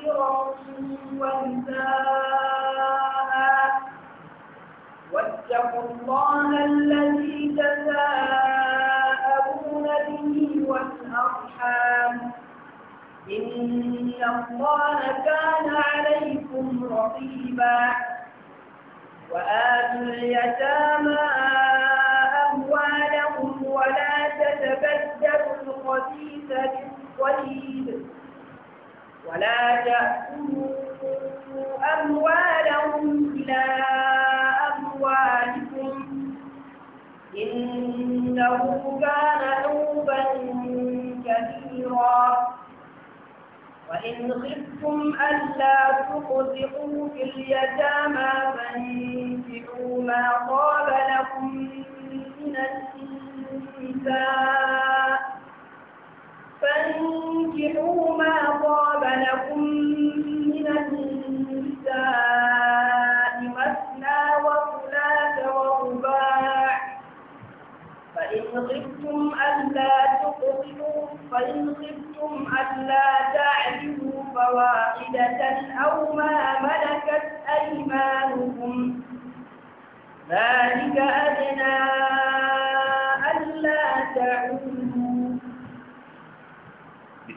كثيرا ونساء واتقوا الله الذي تساءلون به والأرحام إن الله كان عليكم رقيبا وآتوا اليتامى أموالهم ولا تتبدلوا الخبيث بالطيب ولا تأكلوا أموالهم إلى أموالكم إنه كان حوبا كبيرا وإن خفتم ألا تقسطوا في اليتامى فانفعوا ما طاب لكم من النساء فانكحوا ما طاب لكم من النساء مثنى وثلاث ورباع فإن خفتم ألا تقتلوا فإن خفتم ألا تعدلوا فواحدة أو ما ملكت أيمانكم ذلك أدنى ألا تعودوا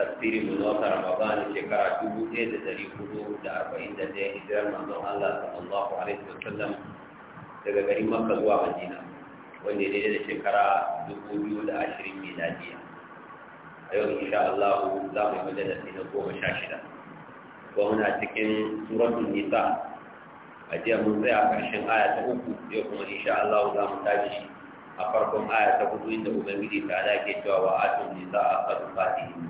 tafsirin mu wata ramadan shekara dubu ɗaya da ɗari hudu da arba'in da ɗaya hijirar manzon Allah sallallahu alaihi sallam daga garin Makka zuwa Madina daidai da shekara dubu biyu da ashirin miladiya a yau insha Allah za mu yi majalisi na goma sha shida ba muna cikin suratul nisa a jiya mun tsaya ƙarshen aya ta uku yau kuma insha Allah za mu a farkon aya ta hudu inda ubangiji ta ala ke cewa wa atun nisa a sadaqatihi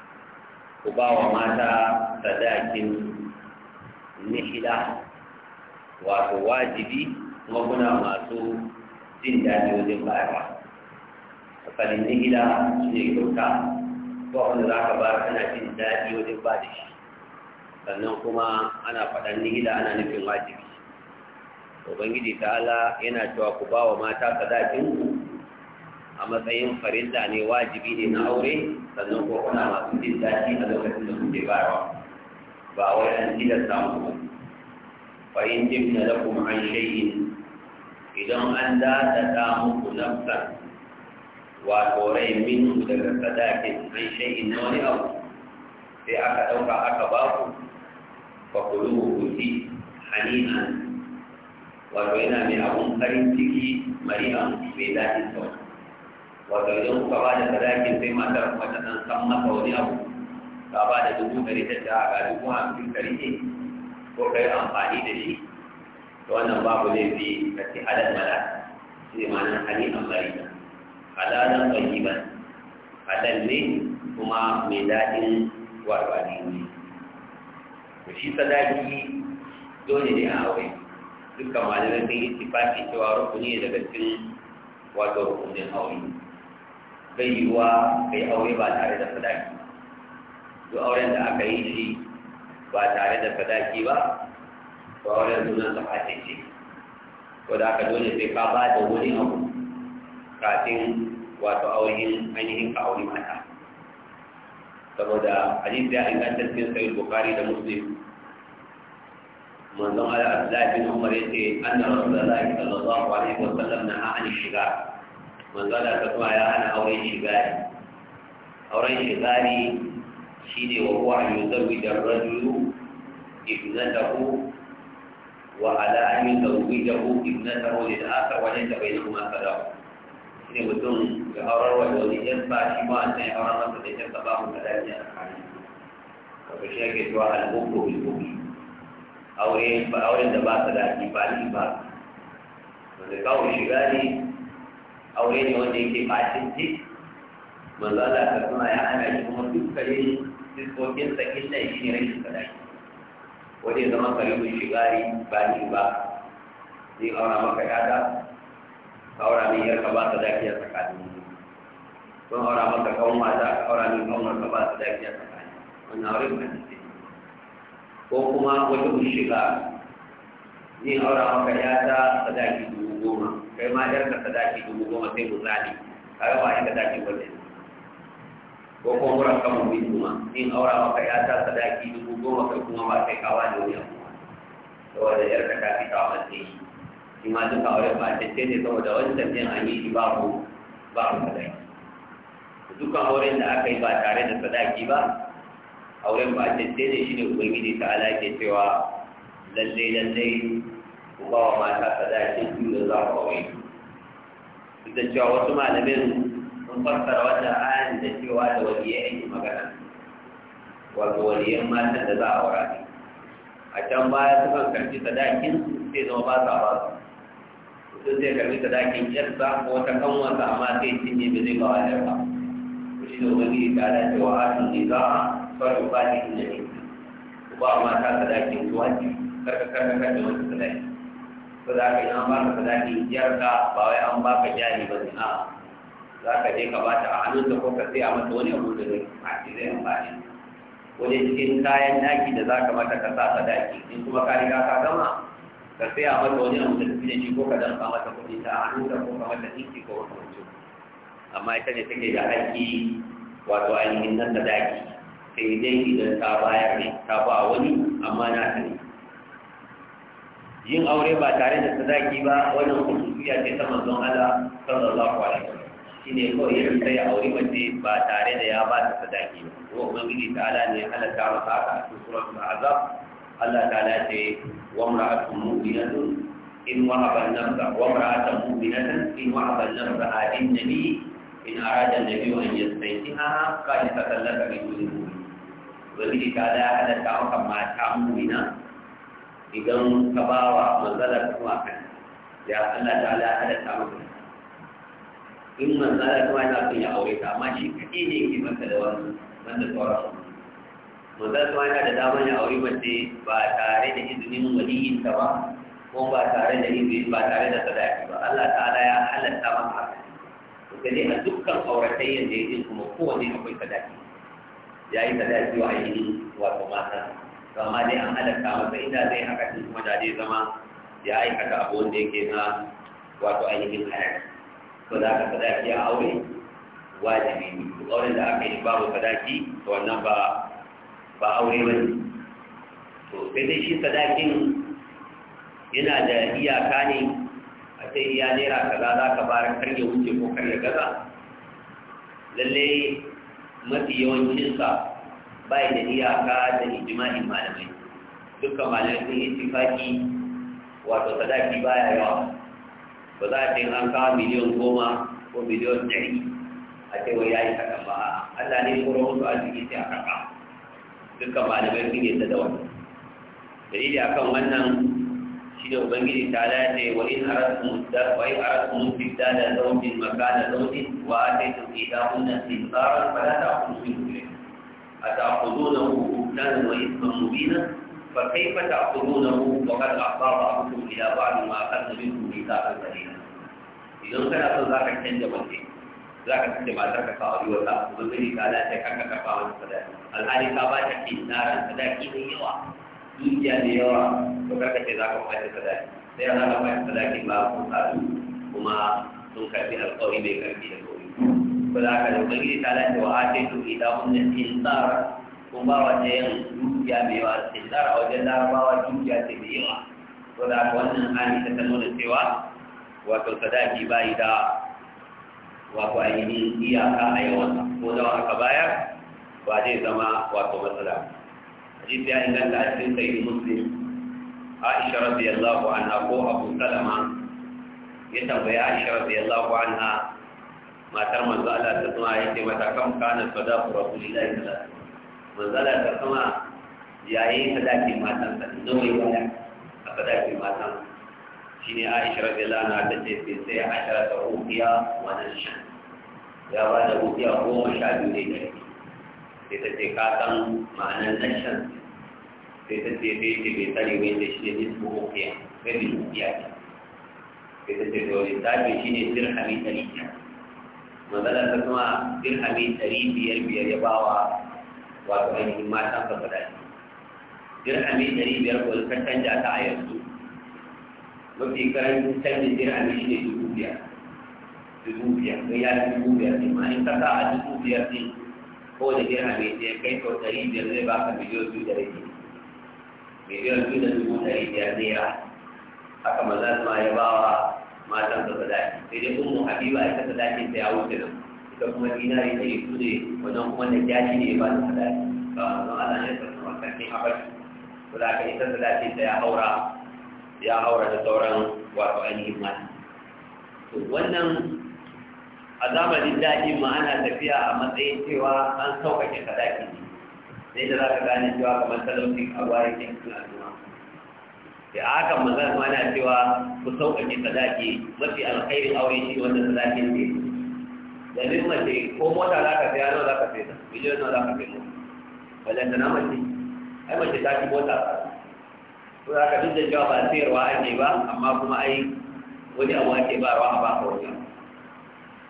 ku ba wa mata sadakin nihila wato wajibi kuma kuna masu jin daɗi wajen bayarwa tsakanin nihila shi ne kyauta ko wanda za ka bayar kana jin daɗi wajen ba da shi sannan kuma ana faɗan nihila ana nufin wajibi ubangiji ta'ala yana cewa ku ba wa mata sadakin a matsayin farilla ne wajibi ne na aure sannan ko kuna masu jin daɗi a lokacin da kuke bayarwa ba wai an tilasta muku fa in jibna lakum an shay'in idan an da dadada muku nafsa wa korai min daga sadakin an shay'in na wani abu sai aka ɗauka aka ba ku fa kulu ku ci hani'an wato yana mai abun farin ciki mari'an mai daɗin sauran wato idan kuka ba da sadaki sai matar kuma ta nan san masa wani abu ka ba da dubu dari ta ta ga dubu hamsin dari ne ko kai amfani da shi to wannan babu laifi ka ce halal mala shi ne ma'anar hali amfani da halalan ba, halal ne kuma mai daɗin wato ne. to shi sadaki dole ne a aure dukkan malamai sun yi tifafi cewa rukuni ne daga cikin wato rukunin aure bai yiwuwa kai aure ba tare da sadaki to auren da aka yi shi ba tare da sadaki ba to auren sunan sa fashe ko da aka dole sai ka ba da wani abu kafin wato auren ainihin ka aure mata saboda hadisi ya inganta cikin sahih bukhari da muslim manzon Allah Abdullahi bin Umar yace anna Rasulullahi sallallahu alaihi wasallam naha an shiga manzala ta kuma ya hana auren shigari auren shigari shi ne wa kuwa yi zarwi da rajulu ibnatahu wa ala an yi zarwi da hu ibnatahu ne da aka wajen da bai kuma sadau shi ne mutum ya aurar wa yau yan ba shi ma an sai auren masa da yan ba mu da lafiya a kare kafa shi yake cewa al-bukku bil-bukki aure ba auren da ba sadaki ba ni ba wanda kawo shigari aure ne wanda yake bacin ji manzo Allah ka kuma ya hana shi kuma dukkanin diskokin sa illa shi ne rashin sadaki wanda ya zama karibin shigari ba ni ba zai aura maka yada ka aura min yarka ba sadaki a tsakanin ko aura maka kawun mata ka aura min kawun ka ba sadaki a tsakanin wannan aure ba ne ko kuma wata shiga zai aura maka yada sadaki dubu goma kai ma yar da sadaki dubu goma sai misali kaga ba inda sadaki wanda ko kuma mura kama bin kuma in aura maka ya ta sadaki dubu goma kai kuma ma sai kawa ne wani abu saboda yar ka ta fi kawa shi ma duka aure ba ta ce ne saboda wancan jin an yi ba mu ba mu sadaki dukkan auren da aka yi ba tare da sadaki ba auren ba ta ce ne shi ne ubangiji ta ala ke cewa lallai lallai ba wa mata ka da ke biyu da za ku aure duk da cewa wasu malamin sun fassara wannan ayan da cewa da waliyai ake magana wato waliyan matan da za a aura ne a can baya sukan karfi sadakin sai zama ba sa ba su sun zai karfi sadakin yarsa ko ta kanwansa amma sai cinye ba zai ba wa yarsa ku shi da ubangiji ta da cewa atun ne za a faru ba ne inda ne ku ba mata sadakin zuwa ne karka karka karka wani sadaki ba za ka yi an baka ba za ka ba wai an baka jari ba zina za ka je ka ba ta hannun ta ko ka sai a mata wani abu da zai a ba amfani wani cikin kayan daki da za ka mata ka sa ka daki in kuma ka riga ka gama ka sai a mata wani abu da zai da shi ko ka ka mata kuɗi ta a ta ko ka mata ɗinki ko wani mutum amma ita ne take da haƙƙi wato ainihin nan da daki sai dai idan ta bayar ne ta ba wani amma na ta ne yin aure ba tare da sadaki ba wannan kusuciya ce ta manzon Allah sallallahu alaihi wasallam ne kawai yin sai ya aure mace ba tare da ya ba ta sadaki ba ko ubangiji ta'ala ne halatta masa haka a cikin suratul azab Allah ta'ala ce wa imra'atun mu'minatun in wahaba nafsa wa imra'atun mu'minatan in wahaba nafsa lin nabi in arada an-nabi an yastaytiha qad tatallaka bi duni ubangiji ta'ala halatta maka mata mu'mina idan ka ba wa manzala kuma kan ya Allah ta ala hada ta maka in manzala kuma ya son ya aure ta amma shi kake ne ke maka da wani wanda sauran manzala kuma yana da damar ya aure mace ba tare da izinin waliyin ta ba ko ba tare da izini ba tare da sadaki ba Allah ta ala ya halatta maka haka to sai a dukkan auratayyan da yake kuma kowane akwai sadaki yayi sadaki wa ainihin wato mata amma dai an halatta masa inda zai haka shi kuma da zai zama ya aikata abu wanda yake na wato ainihin halal to da aka sadaki a aure wajibi ne duk auren da aka yi babu sadaki to wannan ba ba aure ba ne to sai dai shi sadakin yana da iyaka ne a sai iya naira kaza za ka fara karya wuce ko karya gaza lallai mafi yawancinsa bai da iyaka da ijma'in malamai dukkan malamai sun yi tifaki wato sadaki baya yawa ba za a ce an kawo miliyan goma ko miliyan dari a ce wai ya yi kaɗan ba Allah ne koro musu arziki sai a karɓa dukkan malamai sun yi da wannan dalili akan wannan shi da ubangiji ta dace wa in aratum wa in da istidada zawjin makana zaunin wa ataytum idahunna fara da kuma minhu أتأخذونه بهتانا وإثما مبينا فكيف تأخذونه وقد أعطى بعضكم إلى بعض ما أخذنا منكم ميثاقا قليلا إذا كان أصلا ذاك الحين جبلتين ذاك الحين ما ذاك قاضي ولا وبالتالي قال لا تكاكا كفاوة فلا الحالي كابات في النار فلا كيف يوا دوجيا ليوا وكاكا تذاك فلا فلا سيانا فلا فلا كما كما تنكفي القوي بكرفي القوي ko da haka da ubangiji ta lati wa ataitu idahunna tilsara kuma wata yin dukiya mai yawa tilsara wajen larabawa dukiya ce mai yawa ko da haka wannan hali ta ta nuna cewa wato sadaki bayi da wato iyaka a yawansa ko da aka bayar ba zai zama wato matsala hadisi ya inganta a cikin ko abu salama ya tambayi aisha radiyallahu anha matar manzo Allah ta kuma ya ce mata kam kana sadaqu rasulillahi sallallahu alaihi wasallam manzo Allah ta kuma yayi sadaqi matan sa da wai waya a sadaqi matan ne Aisha radiyallahu anha ta ce sai a ashara ta ukiya wa shan? ya ba da ukiya goma sha biyu ne sai ta ce ka san ma'anar shan. sai ta ce sai ce bai tsare wai da shi ne nisbu ukiya sai ta ce sai ta ce to lissafi shine dirhami ta biyar magana ta kuma dirhami ɗari biyar biyar ya ba wa wato ainihin matan ka guda ne dirhami ɗari biyar ko ka canja ta a yanzu mafi karancin canjin dirhami shi ne dubu biyar dubu biyar ko ya fi dubu biyar ne ma in ka sa a dubu biyar ne ko da dirhami ɗaya kai ko ɗari biyar zai ba ka miliyan biyu da rabi miliyan biyu da dubu ɗari biyar naira haka maza ma ya ba wa matan da sadaki sai dai ummu habiba ita sadakin ta ya wuce nan ita kuma dinari ta yi ne wajen kuma na jaji ne ba da sadaki ba don Allah ne ta kuma sarkin habashi to da ka ita sadakin ta ya haura ya haura da sauran wato ainihin mata to wannan a zamanin daɗi ma ana tafiya a matsayin cewa an sauƙaƙe sadaki ne sai da za ka gane cewa kamar talautin a bayan yankin al'umma da maza ma na cewa ku sauƙaƙe sadaki mafi alkhairi aure shi wanda sadakin ne domin mace ko mota za ka saya nawa za ka saya miliyon nawa za ka saya mota ta na mace ai mace ta ci mota ko za ka duk da cewa ba sayarwa ake ba amma kuma ai wani abu ake ba rawa ba ka wajen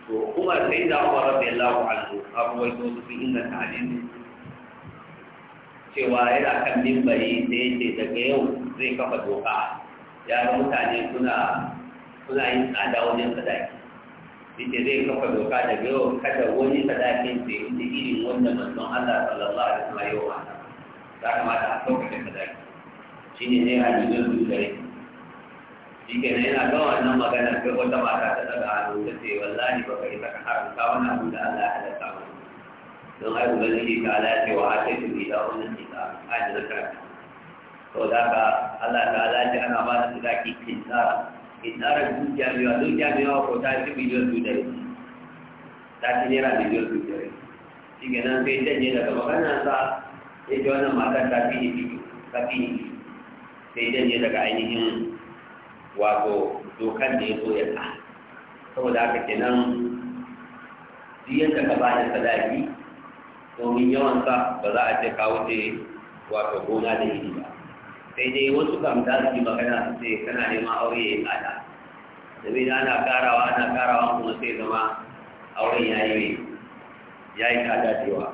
to kuma sai da kuma rabbi allahu anhu abubuwan sun inganta hadisi cewa yana kan mimbari da ya ce daga yau zai kafa doka ya ga mutane suna yin tsada wajen sadaki yace zai kafa doka daga yau kada wani sadakin da ya yi irin wanda manzon Allah sallallahu alaihi wasallam ya wa ya mata a sauƙaƙe sadaki shi ne a miliyan biyu da dare, shi ke nan yana gawa nan magana sai wata mata ta daga hannu ta ce wallahi ba ka yi saka haramta wani abu da Allah ya halatta don har ubangiji ta alaƙe wa ake su bi da wannan nisa a yanzu da karfi to da ka allah ta alaƙe ana ba da sadaki kinsara tsara, dukiya mai yawa dukiya mai yawa ko ta ci miliyan biyu da yanzu ta ci naira miliyan biyu da yanzu shi ke nan sai canje daga maganarsa ya ce wannan matar ta fi ni ta fi yi. sai canje daga ainihin wato dokan da ya zo ya ta saboda haka kenan duk yadda ka ba da sadaki domin yawansa sa ba za a ce ka wuce wato gona da yi ba sai dai wasu kam za su yi magana su ce kana neman aure ya yi tsada domin ana karawa ana karawa kuma sai zama auren ya yi ya yi tsada da yawa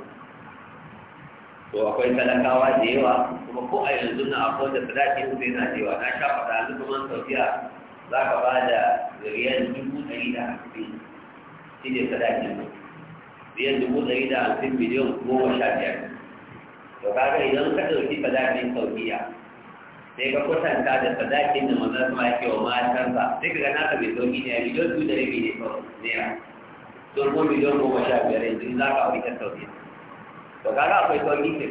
to akwai talakawa da yawa kuma ko a yanzu na akwai da su sai na da yawa na sha faɗa yanzu kuma saudiya za ka ba da riyal dubu ɗari da hamsin shi ne sadakin mutum biyan dubu ɗari da hamsin miliyan goma sha biyar to kaga idan ka ɗauki fadakin saukiya. sai ka kwatanta da sadakin da manzan sama ya kewa matansa sai ka gana ka bai sauki ne a miliyan biyu da biyu ne naira to ko miliyan goma sha biyar yanzu za ka wani ta sauki. to kaga akwai sauki ne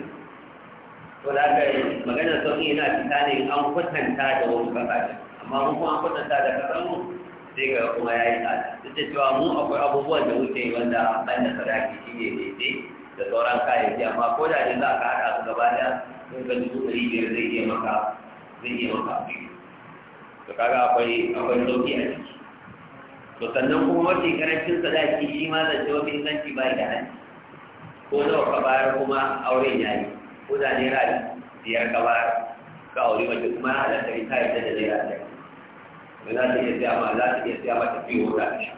to da yi maganar sauƙi yana fita ne an kwatanta da wasu kasashe amma mun kuma an kwatanta da kasar mu sai ga kuma ya yi tsada duk da cewa mu akwai abubuwan da wuce wanda ban da sadaki shi ne daidai da sauran kayayyaki amma ko da ne za ka haɗa su gaba ɗaya sun ga dubu ɗari biyar zai iya maka zai iya maka to kaga akwai akwai sauki a ciki to sannan kuma mafi karancin sadaki shi ma zance mafi inganci ba da hanci ko nawa ka bayar kuma auren ya yi ko da ra'ayi biyar ka bayar ka aure mace kuma na halatta ita ita da naira ra'ayi ba ta iya siya ma za ta iya siya ma ta fiye wuta da shi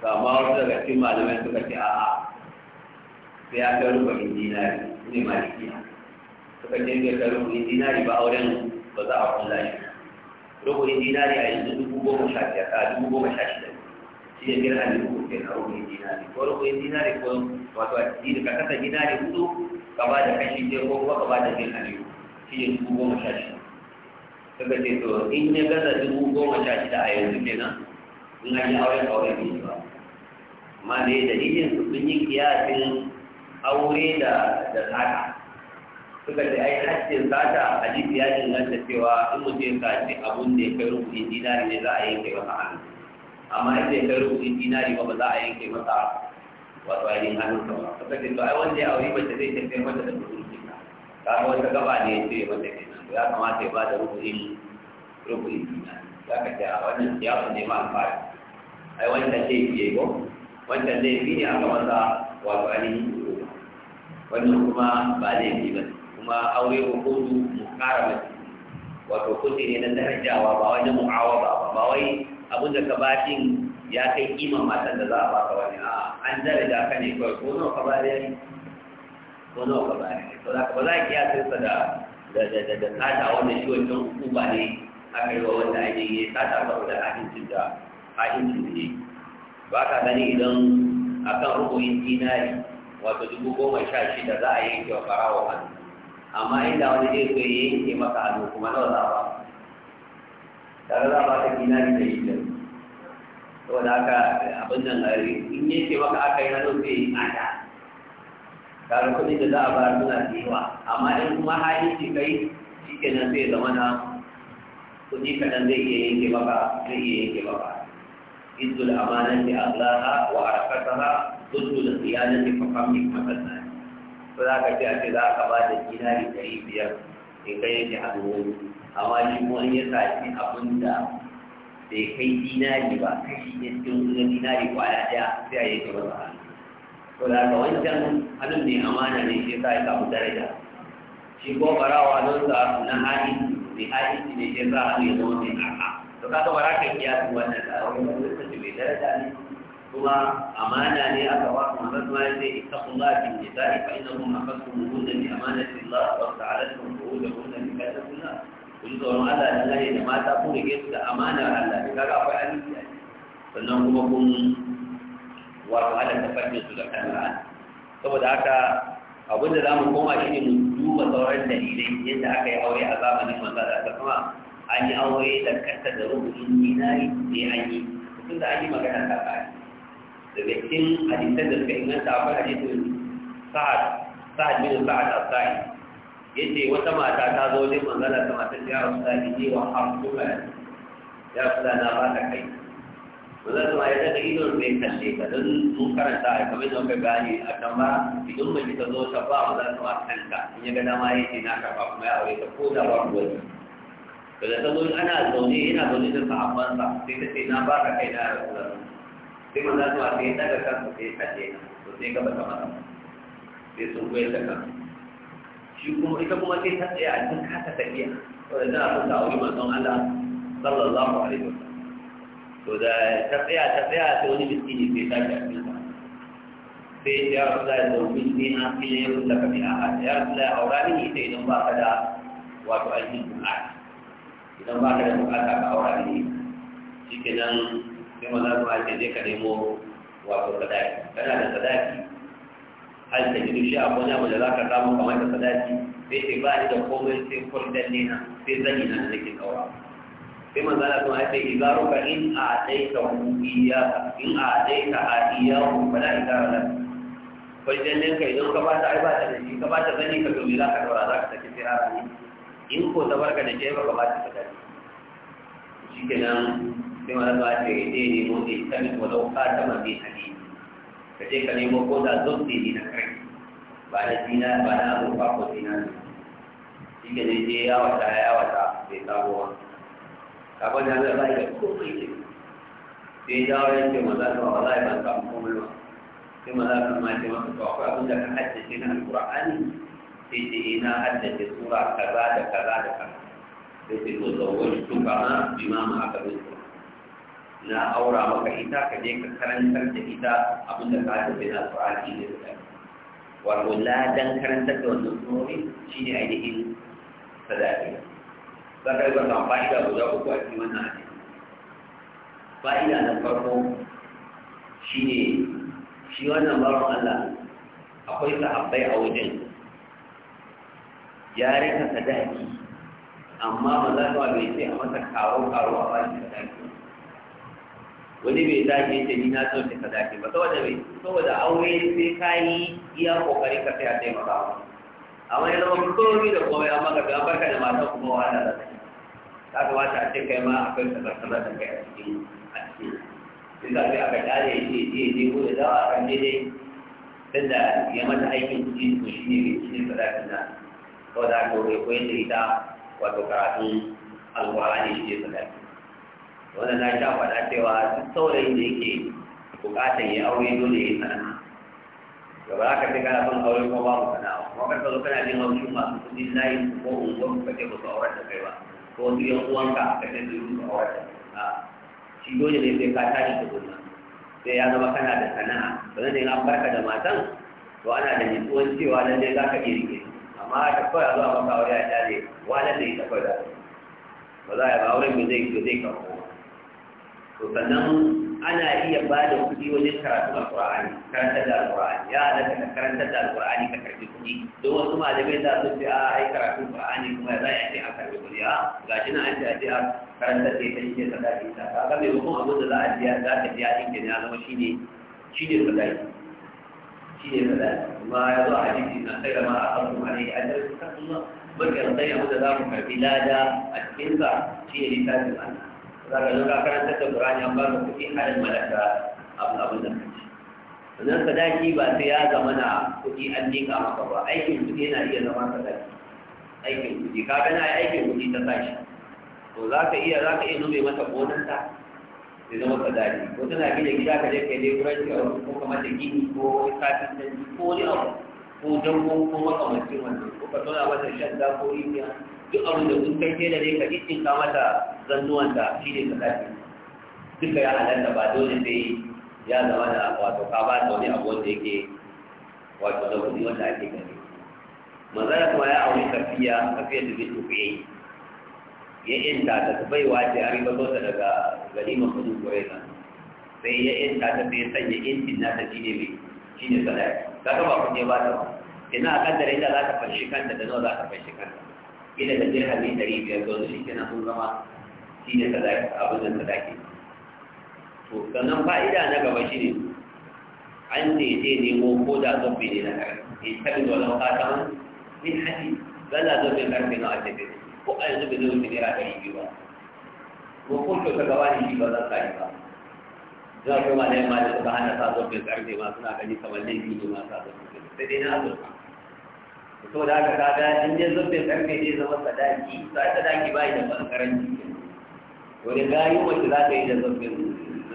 to ma wasu daga cikin malamai suka ce a'a sai ya ba rukunin dinari ne malikiya suka ce bai kai rukunin dinari ba auren ba za a kula shi rukunin dinari a yanzu dubu goma sha biyar a dubu goma sha shida shi ne dirhami uku ke na rukunin dinari ko rukunin dinari ko wato a ciki ka kasa dinari hudu ka ba da kashi ɗaya ko kuma ka ba da dirhami shi ne dubu goma sha shida suka to in ne gaza dubu goma sha shida a yanzu kenan in an yi aure-aure bai ba amma da ya su sun yi kiyasin aure da da sata suka ce ai haccin sata ya in abun da ya kai rubutin ne za a yanke masa hannu amma ai ya kai rubutin dinari ne ba za a yanke masa wato ainihin ba to ai wanda ya aure mace zai tafiya mata da ne ce mata ya kamata ya ba da rubu'in rubu'in dina za ka ce a wannan siyasa ne ma alfahari ai wancan zai ke ko wancan zai fi ne a gaban sa wato ainihin wannan kuma ba zai fi ba kuma aure hukutu mukarama wato kuti ne na darajawa ba wani mu'awaba ba ba wai abin da ka bashin ya kai kima matan da za a baka wani a an daraja ka ne kawai ko nawa ka bari ko nawa ka bari to za ka ba za a kiyasa da da da da tsada wannan shi wancan hukuma ne aka yi wa wanda ainihin ya tsada saboda ahincin da ahincin da ne ba ka gani idan akan rukunin dinari wato dubu goma sha shida za a yanke wa farawa hannu amma inda wani zai so ya yanke maka hannu kuma nawa za ba tare za ba ta dinari da shida saboda haka abin nan in yanke maka aka yi hannu sai a tsada kare kudi da za a bayar suna cewa amma in kuma hali ce kai shi ke nan zai zama na kudi kaɗan zai iya yanke maka, zai iya yanke baka izu da amana ne a zaha wa a rakata ha zuzu da tsiyana ne kafa mai Kuma na ne ko za ka ce a ce za ka ba da dinari ɗari biyar in kai yake hannu wani amma shi kuma in ya sashi abin da bai kai dinari ba kashi yankin wani dinari kwaya ɗaya sai a yanke masa hannu to da wancan hannun ne amana ne shi sa ya samu daraja shi ko barawa don sa na hadi ne hadi ne shi sa hannu ya zama mai arha to kaga bara ka kiyasu wannan da wani kace mai daraja ne kuma amana ne aka ba kuma ya kuma zan ma sai ittaqullaha fi nisa'i fa innahum aqasmuhun bi amanati Allah wa ta'alatuhum fuhudahun bi katabullah kun tsoron Allah da gane da mata ku rike su da amanar Allah ne kaga akwai aminci sannan kuma kun wato ana tafarkin su da kansa saboda haka abin da za mu koma shi ne mu duba sauran dalilai yadda aka yi aure a zamanin manzo da aka kuma an yi aure da kanta da rubutun dinari ne an yi tun da an yi magana ta kai daga cikin hadisan da suka inganta akwai hadisin sa'ad sa'ad bin sa'ad al sai yace wata mata ta zo wajen manzo da ta mata ya rasu da ni wa hafsuka ya rasu da na ba ta kai Maza kuma ya daga idon mai kalle ka don mun karanta a kamar yadda muka gane a kan ba idan mace ta zo ta ba maza kuma kanta in ya ga dama ya ce na karfa kuma ya aure ta ko da ba ruwa daga ta zo ana zaune yana zaune da sahabbansa sai ta ce na ba ka kai na rasu da sai maza kuma sai ya daga kansa sai ya kalle ka to sai ka bata mata sai sun koyar da kansa shi kuma ita kuma sai ta tsaya a cikin kasa tafiya wadda za a fita a wuri manzon Allah sallallahu alaihi wasallam to tafiya ta tsaya ta tsaya ta wani miskini sai sai ya rasu da domin ne an fi ne rusa ka biya a ya rasu da haura ne ita idan ba ka da wato ainihin bukata idan ba ka da bukata ka haura ne shi ke nan sai maza kuma ce je ka nemo wato sadaki kana da sadaki hal ta gidu shi abu ne abu da za ka samu kamar da sadaki sai ce ba ni da komai sai kwaldan sai zani na da nake kawo sai manzo Allah kuma yace ka in a a'taita iya in a ka a'taita iya wa la idara lak kwaljannen ka idan ka bata ai bata da shi ka bata zani ka to me za ka dora za ka saki sai a rani in ko ta barka da ke ba ka bata ta gani shi kenan sai manzo Allah ya ce dai da ita dai ko walau ka ta ma bi hali ka je ka nemo ko da zubbi ne na kai ba da dina ba da abu ba ko dina ne shi kenan je ya wata ya wata bai samu wani kaban da Allah bai da komai ne sai dawo yake maza ka wallahi ban samu komai ba sai maza ka ma ce maka to akwai abin da ka haddace na alqur'ani sai ce ina haddace sura kaza da kaza da kaza sai ce to zawwaj tuka ma bima na aura maka ita ka je ka karantar da ita abin da ka haddace na alqur'ani ne da wato ladan karantar da wannan surori shine ainihin sadaqiyya sakai ka kan fa'ida guda uku a cikin wannan hadisi fa'ida na farko shine shi wannan baron Allah akwai abai a wajen ya rika sadaki amma ba za ka bai sai a masa karo karo a bashi sadaki wani bai zaki ce ni na so ta sadaki ba saboda bai saboda aure sai ka yi iya kokari ka sai a taimaka maka amma ya zama komi da komai amma ka ga barka da mata kuma wahala da kai ta kamata a ce kai ma akwai sakasana da kai a cikin a cikin duk da aka kare shi je je ko da dawa kan daidai duk ya mata aikin ji ko shi ne mai cikin sadakin nan kawai da ko ko yadda ta wato karatun na sha yake buƙatar ya aure dole ba ka kai kana son aure ko kuma ka zo kana jin su layi ko ka ba su ta ba ko wasu yan uwanka ka ce su yi su ta kai shi dole ne sai ka tashi sai ya zama kana da sana'a ba ne an barka da matan to ana da cewa ne za ka iya rike amma kawai a zo maka aure a kawai za ba za a yi ba auren zai to sannan ana iya ba da kuɗi wajen karatu ƙura'ani karanta da ƙura'ani ya halatta ka karanta da ƙura'ani ka karfi kuɗi don wasu malamai za su ce a ai karatu ƙura'ani kuma za a ce a karɓi kuɗi a ga shi na an ce a ce a karanta da ita shi ne sadaki ta ka ga maimakon abin da za a biya za ka biya ɗin kenan ya zama shi ne shi ne sadaki shi ne sadaki kuma ya zo a hadisi na sai da ma a kan kuma ne a jirgin kan kuma bakar sai da za mu karɓi lada a cikinsa shi ne littafin Allah za lura zo ka da Qur'ani an ba ka kuɗi halin malaka abu abin da kace sannan sadaki ba sai ya zama na kuɗi an dinga maka ba aikin kuɗi yana iya zama sadaki aikin kuɗi ka gana aikin kuɗi ta sashi to za ka iya za ka iya nome mata ta sai zama sadaki ko tana gina gida ka je ka yi leburanci ko kamar da gini ko kafin ko wani abu ko don ko makamancin wanda, ko ka tona mata shan da ko rijiya duk abin da sun kai da ne ka isin ka mata zannuwan da shi ne ka zafi duka ya halatta ba dole sai ya zama da wato ka ba da wani abu wanda yake wato da kudi wanda ake gani manzara kuma ya auri kafiya kafiya da bin tufiye ya inta ta ta wace ce a riba zo daga ma kudin kureta sai ya inta ta bai sanya intin na ta ne mai ka sadaki kaga ba kun je ba ta ina a kaddara inda za ta fashi kanta da nawa za ta fashi kanta ina da ne ɗari biyar don shi kenan sun zama shi ne sadaki abin da sadaki to sannan fa'ida na gaba shi ne an je zai nemo ko da zobe ne na ƙarfi in tabi da wani Ni min haɗi zalla zobe karfi na ake ce ko a yanzu bai zo wuce naira ɗari biyu ba ko ko to ta gaba ne shi ba za ka yi ba za ku ma nema ma da suka hana sazofin karfe ma suna gani kamar laifi ne ma sazofin sai dai na azurfa to da aka ga in dai zofin karfe dai zama sadaki sai sadaki ba da ban karanci wani gayu mace za ka yi da zofin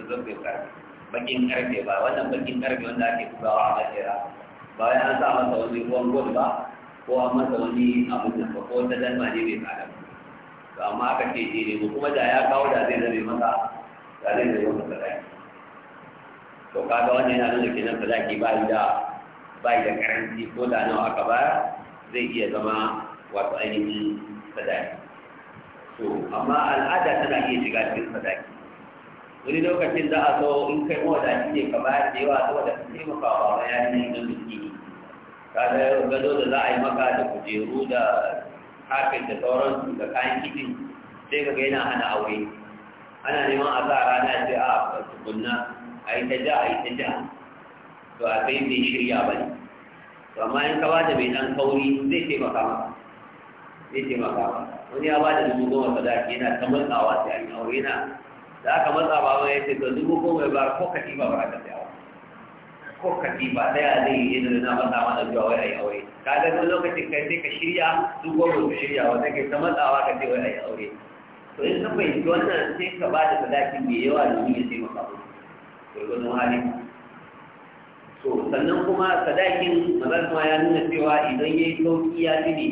zofin karfe bakin karfe ba wannan bakin karfe wanda ake kubawa a makera ba wai an sa masa wani ruwan gol ba ko an masa wani abu da ba ko ta dalma ne mai tsada to amma aka ce ne kuma da ya kawo da zai zame masa da zai zame masa sadaki to kaga wannan yana nuna kenan sadaki ba da ba da karanci ko da nawa aka ba zai iya zama wato ainihin sadaki to amma al'ada tana iya shiga cikin sadaki wani lokacin za a zo in kai mawadaci ne ka bayar da yawa saboda ka taimaka wa wani yanayi na biki kada gado da za a yi maka da kujeru da kafin da sauransu da kayan kicin sai ka ga yana hana aure ana neman a sa rana ce a ah, tukunna a yi ta ja a yi ta ja to a kai bai shirya ba ne to amma in ka bada mai dan kauri zai taimaka maka zai taimaka maka wani ya bada dubu goma sadaki yana ta matsawa sai an yi aure yana da aka matsa ba ma ya ce to dubu goma ya ba ko katifa ba ka tsayawa ko katifa ta ya zai yi yadda na matsa mana zuwa wai a yi aure ka ga lokacin kai sai ka shirya dubu goma su shirya wata kai ta matsawa ka ce wai a yi aure to in ka fahimci wannan sai ka ba da sadakin mai yawa domin ya taimaka musu gwargwadon hali to sannan kuma sadakin mazarma ya nuna cewa idan ya yi sauki ya fi ne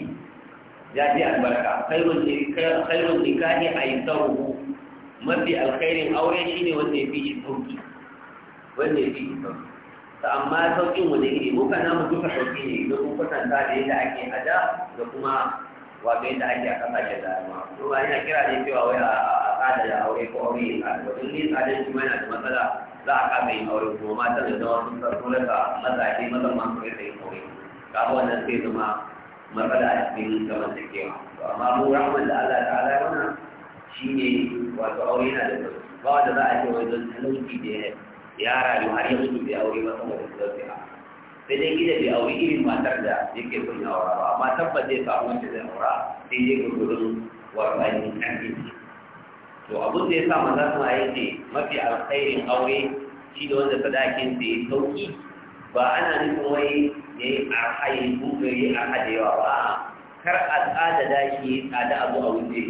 ya fi albarka kairun nikahi a yi sauku mafi alkhairin aure shi ne wanda ya fi yi sauki wanda ya fi yi sauki ta amma saukin wani ne muka namu duka sauƙi ne idan kun kwatanta da yadda ake ada da kuma wato da ake a da larabawa to ina kira ne cewa wai a kada da aure ko aure ya wajen ni shi mana da matsala za a kama yin aure kuma mata da zama sun sarko daga ka mazan su rika yin aure kaga wannan sai zama matsala a cikin ma to amma mu rahman da Allah ta'ala ya wannan ne wato aure yana da ba da za a ce wai don talauci da ya rayu har yanzu bai aure ba saboda talauci a sai dai gida bai auri irin matar da yake kun aura ba amma tabbas zai samu wanda zai aura sai dai gurgurun wato ainihin ƙarfi to abin da ya sa maza su ya ce mafi alkhairin aure shi da wanda sadakin da ya sauki ba ana nufin wai ya yi a ya yi buga ya yi arha da yawa ba kar a tsada daki tsada abu a wuce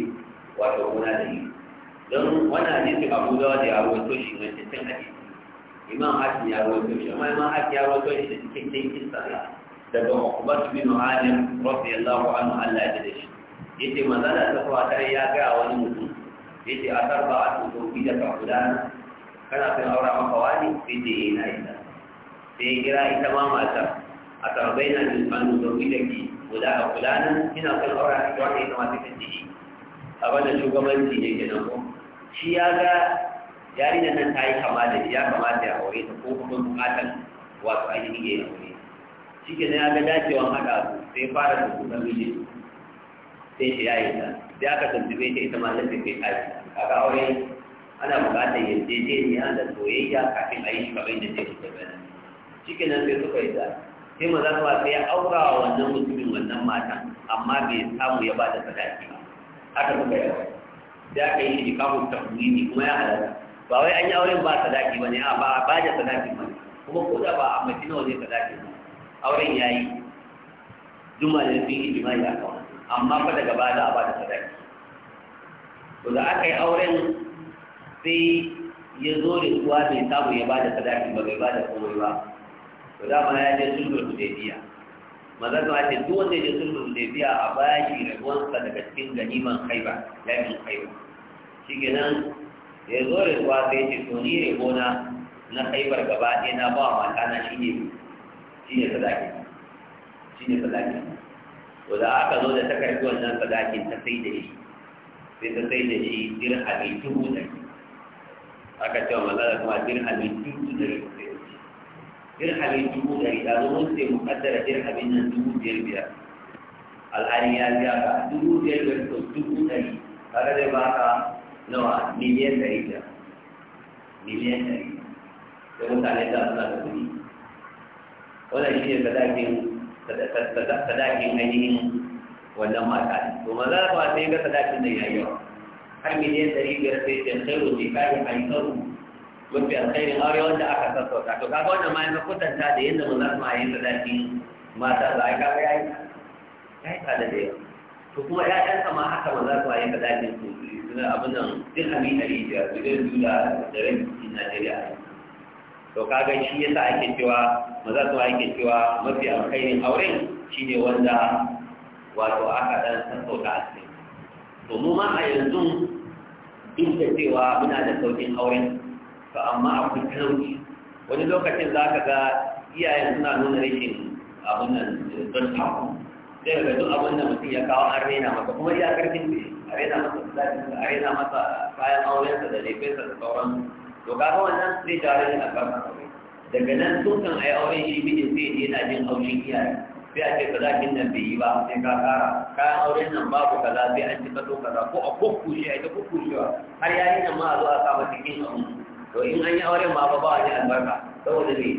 wato kuna da yi don wani hadisi abu da ya rawaito shi wancan hadisi imam haki ya rawaito shi amma imam haki ya rawaito shi da cikakken kissa daga Uqbat bin Amir radiyallahu anhu Allah ya dade shi yace manzala ta fa tare ya ga wani mutum yace a tarba a tuto da ka gudana kana sai aura maka wani yace eh, na ina sai ya kira ita ma mata a tarbaina min fanu da Guda gudana gudana ina kan aura ki wani ita ma take ji abada shugabanci ne kenan ko shi ya ga yarinya nan ta yi kama da ya kamata ya aure ta ko kuma bukatan wato ainihin ya yi aure shi ke na ya ga dacewan haɗa su sai fara da kusan miji sai shi ya yi ta sai aka tuntube ta ita ma nan da kai tashi kaga aure ana bukatar yarjejeniya da soyayya kafin a yi shi kamar yadda take da bayanan shi ke nan sai suka yi ta sai maza su sai ya aura wa wannan mutumin wannan matan amma bai samu ya ba da sadaki ba haka suka yi sai aka yi shi kamun tafwini kuma ya halatta ba wai an yi auren ba sadaki ba ne a ba ba da sadaki ba kuma ko da ba a mace nawa ne sadaki ba auren ya yi juma da fi yi jima'i ya kawo amma fa daga ba da ba da sadaki to da aka yi auren sai ya zo da kuwa mai samu ya ba da sadaki ba bai ba da komai ba to dama ya je da hudaybiya maza ta ce duk wanda ya da sulhul biya a bashi rabuwansa daga cikin ganiman khaiba shi ke nan. ya zo zuwa sai ce to ni ne na na haifar gaba ɗaya na ba mata na shi ne shi ne sadaki shi ne sadaki to da aka zo da ta karfi wannan sadakin ta sai da shi sai ta sai da shi dirhami dubu ɗari aka ce wa maza kuma dirhami dubu shi dirhami dubu ɗari da zo mun sai mukaddara dirhamin nan dubu biyar biyar alhali ya biya ka dubu biyar biyar to dubu shi kaga dai ba ka nawa miliyan ɗari biyar? miliyan ɗari da mutane da suna da kuɗi wannan shi ne sadakin sadakin ainihin wannan mata ne to maza ba sai ga sadakin da ya yawa har miliyan ɗari biyar sai ce khairu ne kafin a yi tsaro mafi alkhairin aure wanda aka sassauta to kaga wannan ma yana kwatanta da yadda maza ma yi sadakin mata za a yi kaga ya yi ya yi tsada da yawa to kuma ƴaƴansa ma haka ba za su waye ka zaɓe su suna abin nan dirhami ɗari biyar biliyan biyu da da rabi cikin najeriya to kaga shi yasa ake cewa maza su ake cewa mafi alkhairin auren shine wanda wato aka dan sassauta a cikin to mu ma a yanzu duk da cewa muna da saukin auren to amma akwai talauci wani lokacin za ka ga iyayen suna nuna rikin abin nan don taku zai ga duk abin da mutum ya kawo an rena masa kuma ya karfin ne a rena masa da a rena masa kayan aurensa da laifinsa da sauran to kaga wannan zai tare a albarka aure daga nan tun kan yi auren shi mijin zai je yana jin haushin iyaye sai a ce kaza kin nan bai yi ba sai ka kara kayan auren nan babu kaza sai an ci kaso kaza ko a kukkushe a ita kukkushewa har yi nan ma a zo a sa mata kin abu to in an yi auren ma ba ba wani albarka saboda ne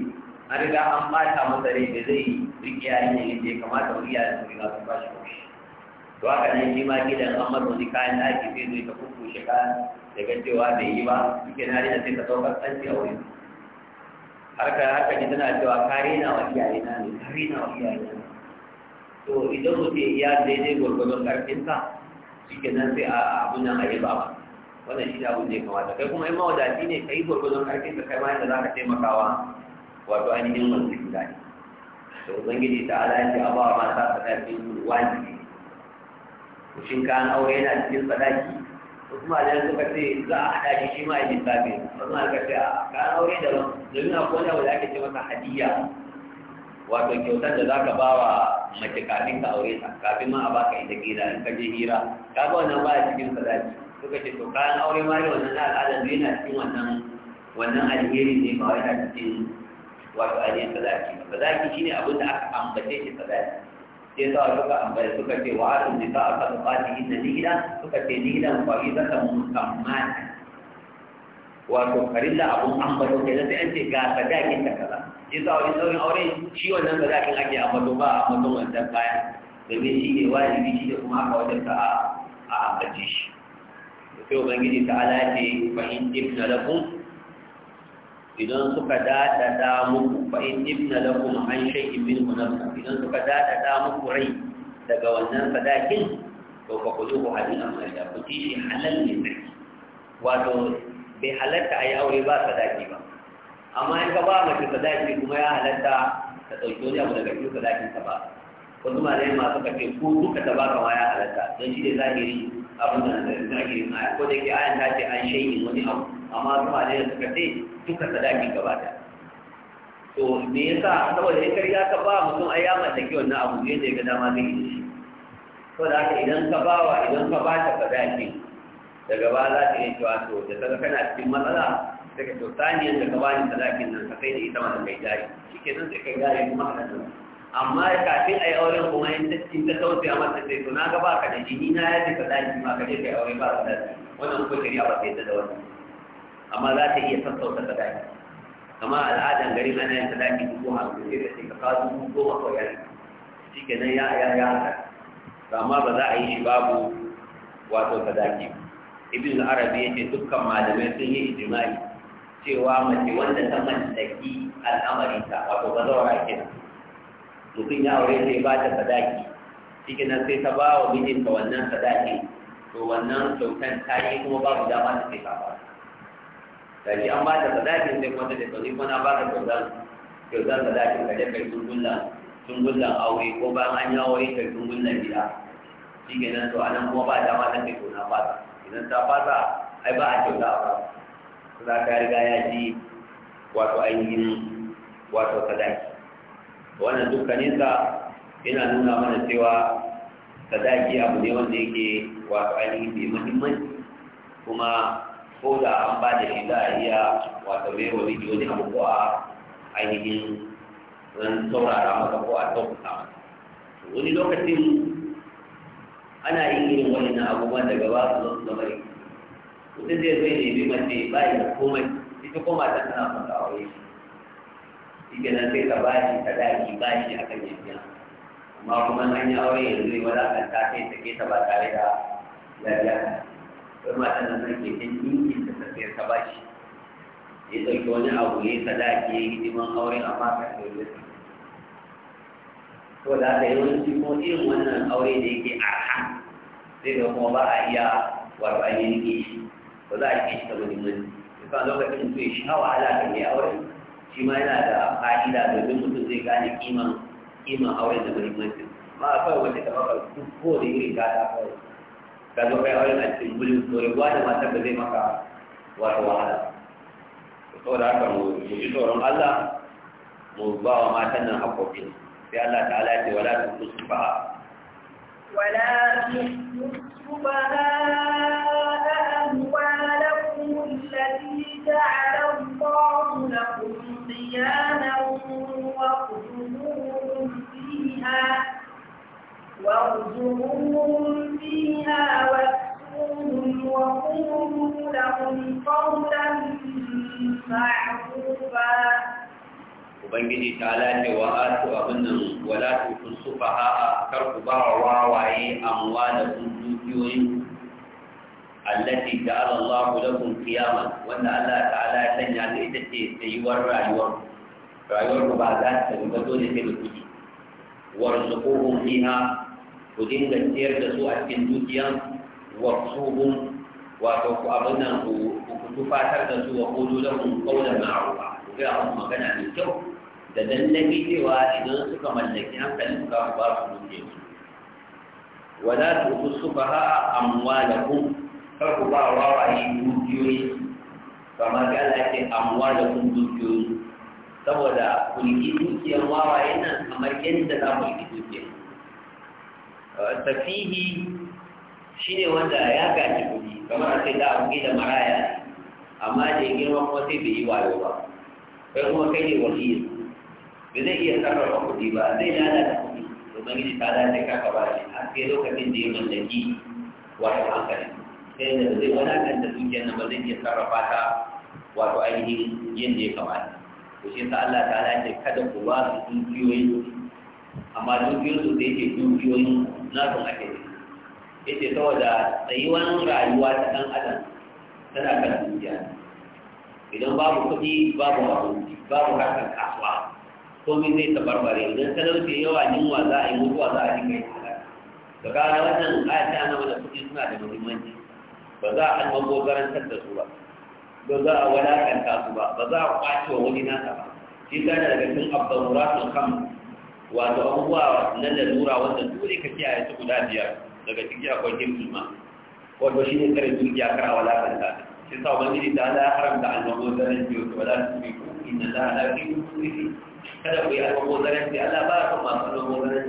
an riga an ɓata masa rai da zai yi duk iyayen ne da ya kamata wa iyayen su riga ba bashi haushi to haka ne shi ma gidan amma masa wani kayan sai zai zo ya kukushe kayan daga cewa bai yi ba suke na rina sai ka saukar tsanci a wurin harka haka ji tana cewa ka rina wa iyaye na ne ka rina wa iyaye na to idan mutum ya daidai gwargwadon ƙarfinsa shi ke nan sai a abun nan a yi ba ba wannan shi ne abun da ya kamata kai kuma in mawadaci ne ka yi gwargwadon ƙarfinsa kai ma yadda za ka taimakawa wato ainihin wani gida ne da ubangiji ta ala yake a bawa mata sadakin wani shin kayan aure yana cikin sadaki wasu malayan ka ce za a haɗa shi shi ma yi lissafi wasu ka ce a kayan aure da domin a kone wanda ake ce masa hadiya wato kyautar da za ka ba wa mace kafin ka aure ta kafin ma a baka ita gida in ka je hira ka ba wannan a cikin sadaki ka ce to kayan aure ma ne wannan na al'adar ne yana cikin wannan wannan alheri ne ba wai a cikin wato ainihin sadaki sadaki shine abin da aka ambace shi sadaki sai sa suka ambace suka ce wa atun ta aka bukati inda nila suka ce nila faridatan musamman wato da abun ambato ke sai an ce ga sadakin ta kaza sai sa wani saurin aure shi wannan sadakin ake ambato ba ambato wannan bayan domin shi ne wajibi shi ne kuma aka wajen ta a ambace shi sai ubangiji ta ala ce fa in ibna lakum idan suka dadada muku fa in ibna lakum an shay'in min nafsa idan suka dadada muku rai daga wannan sadakin to fa kuzuhu hadisan mariya ku ci shi halal ne sai wato bai halatta ayi aure ba sadaki ba amma in ka ba mace sadaki kuma ya halatta ka dauki wani abu daga cikin sadakin ka ba wasu malai masu kace ko duka ta baka ma ya halatta don shi ne zahiri abin da na zahiri ko da ke ayan ta ce an shay'in wani abu amma kuma ne da suka ce duka sadakin gaba da to me yasa saboda ya karya ka ba mutum ai ya mallaki wannan abu ne da ya ga dama zai yi shi saboda haka idan ka bawa idan ka ba ta sadaki daga ba za ta yi cewa to da kaga kana cikin matsala daga to saniyar da ka ba ni sadakin nan ka kai da ita mana mai jari shikenan sai kai jari kuma ka nan amma kafin a yi auren kuma yin cikin ta tausaya masa sai to na gaba ka da jini na ya ce sadaki ma ka je ka yi aure ba ka daji wannan kuma shari'a ba sai ta da wannan amma za ta iya sassauta sadaki kama al'adan garin ana yin sadaki dubu hamsin sai da sai ka dubu goma ko yan shi kenan ya ya ya haka amma ba za a yi shi babu wato sadaki ibn arabi yace dukkan malamai sun yi ijma'i cewa mace wanda ta mallaki al'amarin ta wato ba zaura kenan mutum ya aure sai ba ta sadaki shi kenan sai ta ba wa mijinta wannan sadaki to wannan sautan ta yi kuma babu dama ta sai ka ba kaji an ba ta sadaki sai kuma da tafi kuma ba ta kyautar kyautar sadaki ka je kai tungullan tungullan aure ko bayan an yi aure kai tungullan gida shi ke nan to anan kuma ba dama ta kai na fata idan ta fata ai ba a kyauta a fata kuma ka riga ya ji wato ainihin wato sadaki wannan dukkaninsa yana nuna mana cewa sadaki abu ne wanda yake wato ainihin mai muhimmanci kuma ko da an ba da shi a iya wato mai wa miji wani abu ko a ainihin ran saurara maka ko a sauƙaƙa maka wani lokacin ana yin irin wani na abubuwan daga ba su zo zama yi mutum zai zai nemi mace ba yi da komai ita ko mata tana son ta aure shi shi ke sai ka ba shi ta daki ba shi a kan yanzu amma kuma an yi aure yanzu ne wadda kan ta sai ta ke ta ba tare da lafiya wai mata nan nan ke jin ɗinkin da ta sayar ka ba shi ya ɗauki wani abu ya yi sadaki ya yi hidiman aure amma ka sayar da su to da haka yawanci ko irin wannan aure da yake arha sai da kuma ba a iya wato ainihin rike shi ba za a rike shi kamar limanci kusan lokacin mutum ya sha wahala da mai aure shi ma yana da fa'ida domin mutum zai gane kiman kiman aure da muhimmanci ma akwai wanda ta maka duk ko da irin gata kawai ka zo kai auren a cikin gudun tsorewa da matar da zai maka wata wahala saboda haka mu ji tsoron Allah mu ba wa matan nan haƙoƙi sai Allah ta'ala ya ce wala tusufa wala tusufa وارزقوهم فيها واكسوهم وقولوا لهم قولا معروفا Ubangiji ta lafi wa asu abin nan wala tutun sufa ha'a kar ku ba wa wawaye amma da kun dukiyoyin allati ja'ala Allah lakum qiyaman wanda Allah ta'ala ya sanya ta ita ce tsayuwar rayuwar rayuwar ku ba za ta tafi ba dole sai da kuɗi warzuquhum fiha ودين كثير ده سوء كنديا وقصوب وتوقعوا ابنا وكتفاتر ده سوء وقولوا لهم قولا معروفا وفي أرض ما كان عن الجو ده دلقي لوالدا سكما لكي لك أخبار سبوكيك ولا تقصفها أموالكم فقبا رأي بوديوه فما قال لك أموالكم بوديوه سوى ده كل كتوكي الله وإنا أمر كنت أمر Tafihi shi ne wanda ya gaji kuɗi kamar a ce da a da maraya amma da ya girma kuma sai bai yi wayo ba kai kuma kai ne wakil ba zai iya sarrafa kuɗi ba zai lalata kuɗi domin gidi ta lalata ka ka bashi A sai lokacin da ya mallaki wato hankali sai da zai wadata dukiyar nan ba zai iya sarrafa ta wato ainihin yadda ya kamata to shi sa Allah ta lalace kada ku ba su dukiyoyi amma dukiyoyin su da yake dukiyoyin nasu ake ne ce saboda tsayuwan rayuwa ta ɗan adam tana kan dukiya idan babu kuɗi babu abinci babu harkar kasuwa komai zai tabarbare idan talauci yawa yunwa za a yi mutuwa za a yi mai halaka Ka kaga wannan ayata na mana kuɗi suna da muhimmanci ba za a almagogarantar da su ba ba za a wadakanta su ba ba za a kwace wa wani nasa ba shi ta daga cikin abdurrahman kan wato abubuwa na lalura wanda dole ka kiyaye su guda biyar daga ciki akwai himtul ma wato shi ne kare dukiya kar a ta. shi sa ubangiji ta ala haramta annabawa zanen biyu ta wala su fi ku inna la ala fi musrifi kada ku yi annabawa zanen biyu Allah ba ka masu annabawa zanen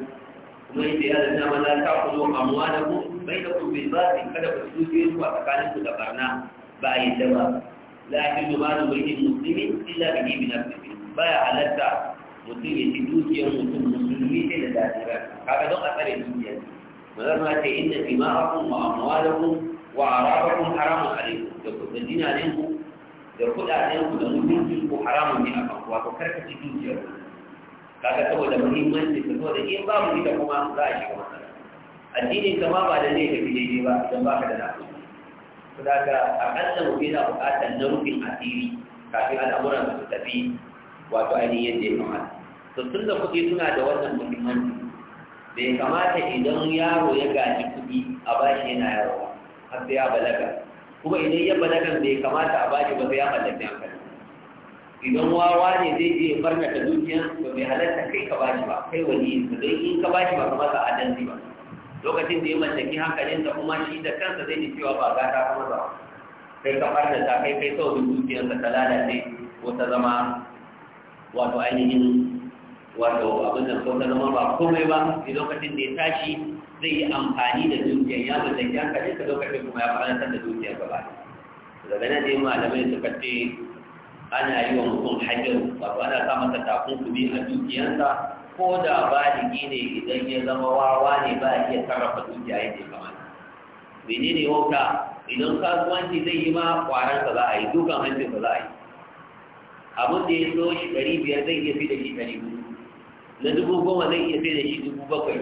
kuma yadda ya zana mana ta kuzo amuwa da ku bai da ku bil basi kada ku dukiye su a tsakanin ku da barna ba a yi da ba la yahillu malu bayyin muslimin illa bihi bi nafsihi baya halatta mutum ya ci dukiyar mutum musulmi ne da dadirar kaga don a tsare dukiyar mazan ma ce inda dima'akum wa amwalakum wa arabakum haramun alaikum da kudin dinarinku da kudaden ku da mutuncin ku haramun ne a kan ku wato karkace dukiyar kaga saboda muhimmanci ka saboda in babu ita kuma za a shiga matsala addinin ka ma ba da zai tafi daidai ba idan ba ka da nasu saboda ka mu mu yana buƙatar na rufin asiri kafin al'amuran su tafi wato ainihin yadda ya kamata to tun da kuɗi suna da wannan muhimmanci bai kamata idan yaro ya gaji kuɗi a bashi yana yaro har sai ya balaga kuma idan ya balaga bai kamata a bashi ba sai ya mallaki hankali idan wawa ne zai je barna ta dukiya ba bai halatta kai ka bashi ba kai wani ka dai in ka bashi ba kamata adalci ba lokacin da ya mallaki da kuma shi da kansa zai ji cewa ba gata kuma ba kai ka farna ta kai kai sau da dukiyarsa ta lalace ko ta zama wato ainihin wato abin da ko zama ba komai ba a lokacin da ya tashi zai yi amfani da dukiyar ya ba zai yanka ne lokacin kuma ya fara da dukiyar ba? daga nan dai malamai suka ce ana yi wa mutum hajjar wato ana sa masa takunkumi a dukiyarsa ko da ba baligi ne idan ya zama wawa ne ba iya sarrafa dukiya yadda ya kamata menene wauta idan kasuwanci zai yi ma kwaransa za a yi dukan hancinsa za a yi abin da ya so shi ɗari biyar zai iya fi da shi ɗari biyu na dubu goma zai iya sai da shi dubu bakwai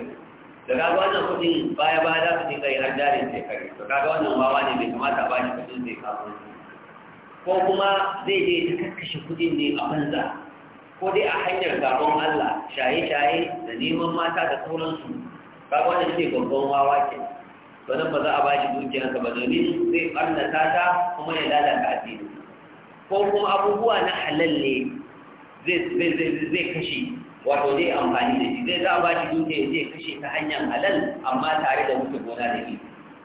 da kaga wannan kudin baya baya za su dinga yi har jarin sai kare to kaga wannan wawa ne bai kamata ba shi kudin zai kawo ko kuma zai je ta kakkashe kudin ne a banza ko dai a hanyar gaban Allah shaye-shaye da neman mata da sauransu kaga wannan shi babban wawa ke nan ba za a ba shi ka ba domin zai ɓarnata ta kuma ya lalata addini ko kuma abubuwa na halal ne zai kashe wato zai amfani da shi zai za a ba shi dukiya ya je kashe ta hanyar halal amma tare da mutum gona da shi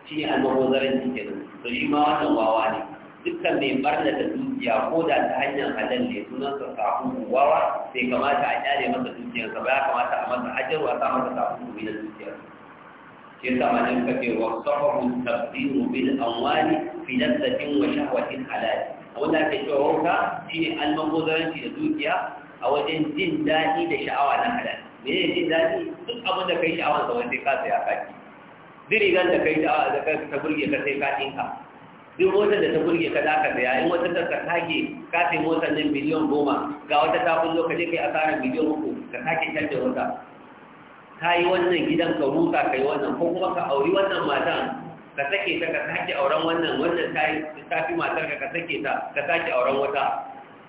shi ne almabozaran cikin to shi ma wannan wawa ne dukkan mai barna da dukiya ko da ta hanyar halal ne sunan sa kafin wawa bai kamata a kyale masa dukiyarsa ba ya kamata a masa hajjar wasa masa kafin gobe na dukiyar. shi yasa ma ne suka ce wa safahu tabdiru bil amwali fi lazzatin wa shahwatin halal wanda ke cewa wauta shi ne almabozaranci da dukiya a wajen jin daɗi da sha'awa na halal mene jin daɗi duk abin da kai sha'awa ga wanda ka saya kaki ci duk rigar da kai sha'awa da ka ta burge ka sai ka duk motar da ta burge ka za ka saya in wata ta sake ka sai mota nan miliyan goma ga wata ta kun ka je kai asara miliyan uku ka sake canja wata ka yi wannan gidan ka rusa ka yi wannan ko kuma ka auri wannan matan ka sake ta ka sake auren wannan wannan ta fi matar ka ka sake ta ka sake auren wata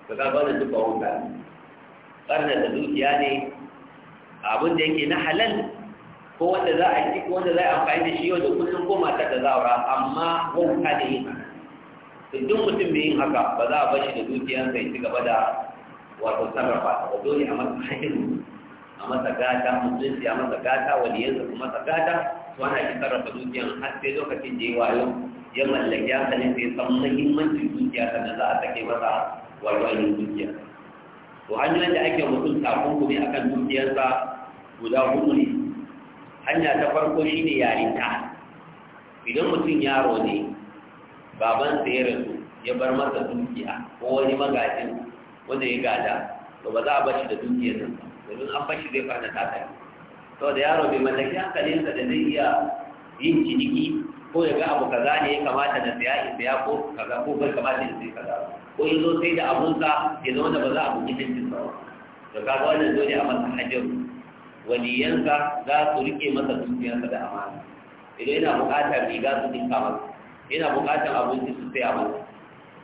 ka ga wannan duk ba wuta barnar da dukiya ne abin da yake na halal ko wanda za a yi ko wanda za a amfani da shi yau da kullum ko mata da zaura amma wauta da yin haka duk mutum mai yin haka ba za a bar shi da dukiyarsa ya ci gaba da wato sarrafa ta dole a masa hayin a masa gata musulunci a masa gata waliyansa kuma masa gata to ana shi sarrafa dukiyar har sai lokacin da ya wayo ya mallaki hankalin sai san muhimmancin dukiya sannan za a sake masa wani dukiya to hanyoyin da ake mutum takunkumi akan kan dukiyarsa guda hudu ne hanya ta farko shi ne yarinta idan mutum yaro ne sa ya rasu ya bar masa dukiya ko wani magajin wanda ya gada to ba za a bashi da dukiyar nan domin an bashi zai fara tata to da yaro bai mallaki hankalinsa da zai iya yin ciniki ko ya ga abu kaza ne ya kamata na siya in siya ko kaza ko bai kamata ya sai kaza ba. ko ya sai da abunsa ya zama da ba za a buki cikin ba to kaga wannan dole a masa hajaru waliyansa za su rike masa dukiyarsa da amana idan yana buƙatar riga su dinka masa yana buƙatar abinci su saya masa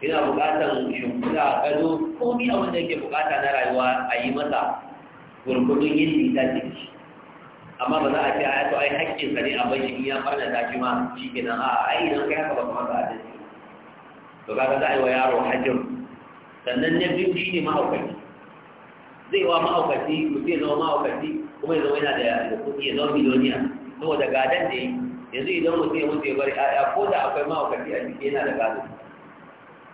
yana buƙatar shimfiɗa gado komi a da yake buƙata na rayuwa a yi masa gurgudun yin lita jiki amma ba za a ce a yato ai haƙƙinsa ne a bai shi ya farna ta shi ma shi kenan a ai idan kai haka ba kamar ba a to ka za a yi wa yaro hajjin sannan na biyu shi ne mahaukaci zai wa mahaukaci mutum ya zama mahaukaci kuma ya zama yana da kuɗi ya zama miliyoniya saboda gadon da yi yanzu idan mutum ya mutu ya bari a ko da akwai mahaukaci a cikin yana da gado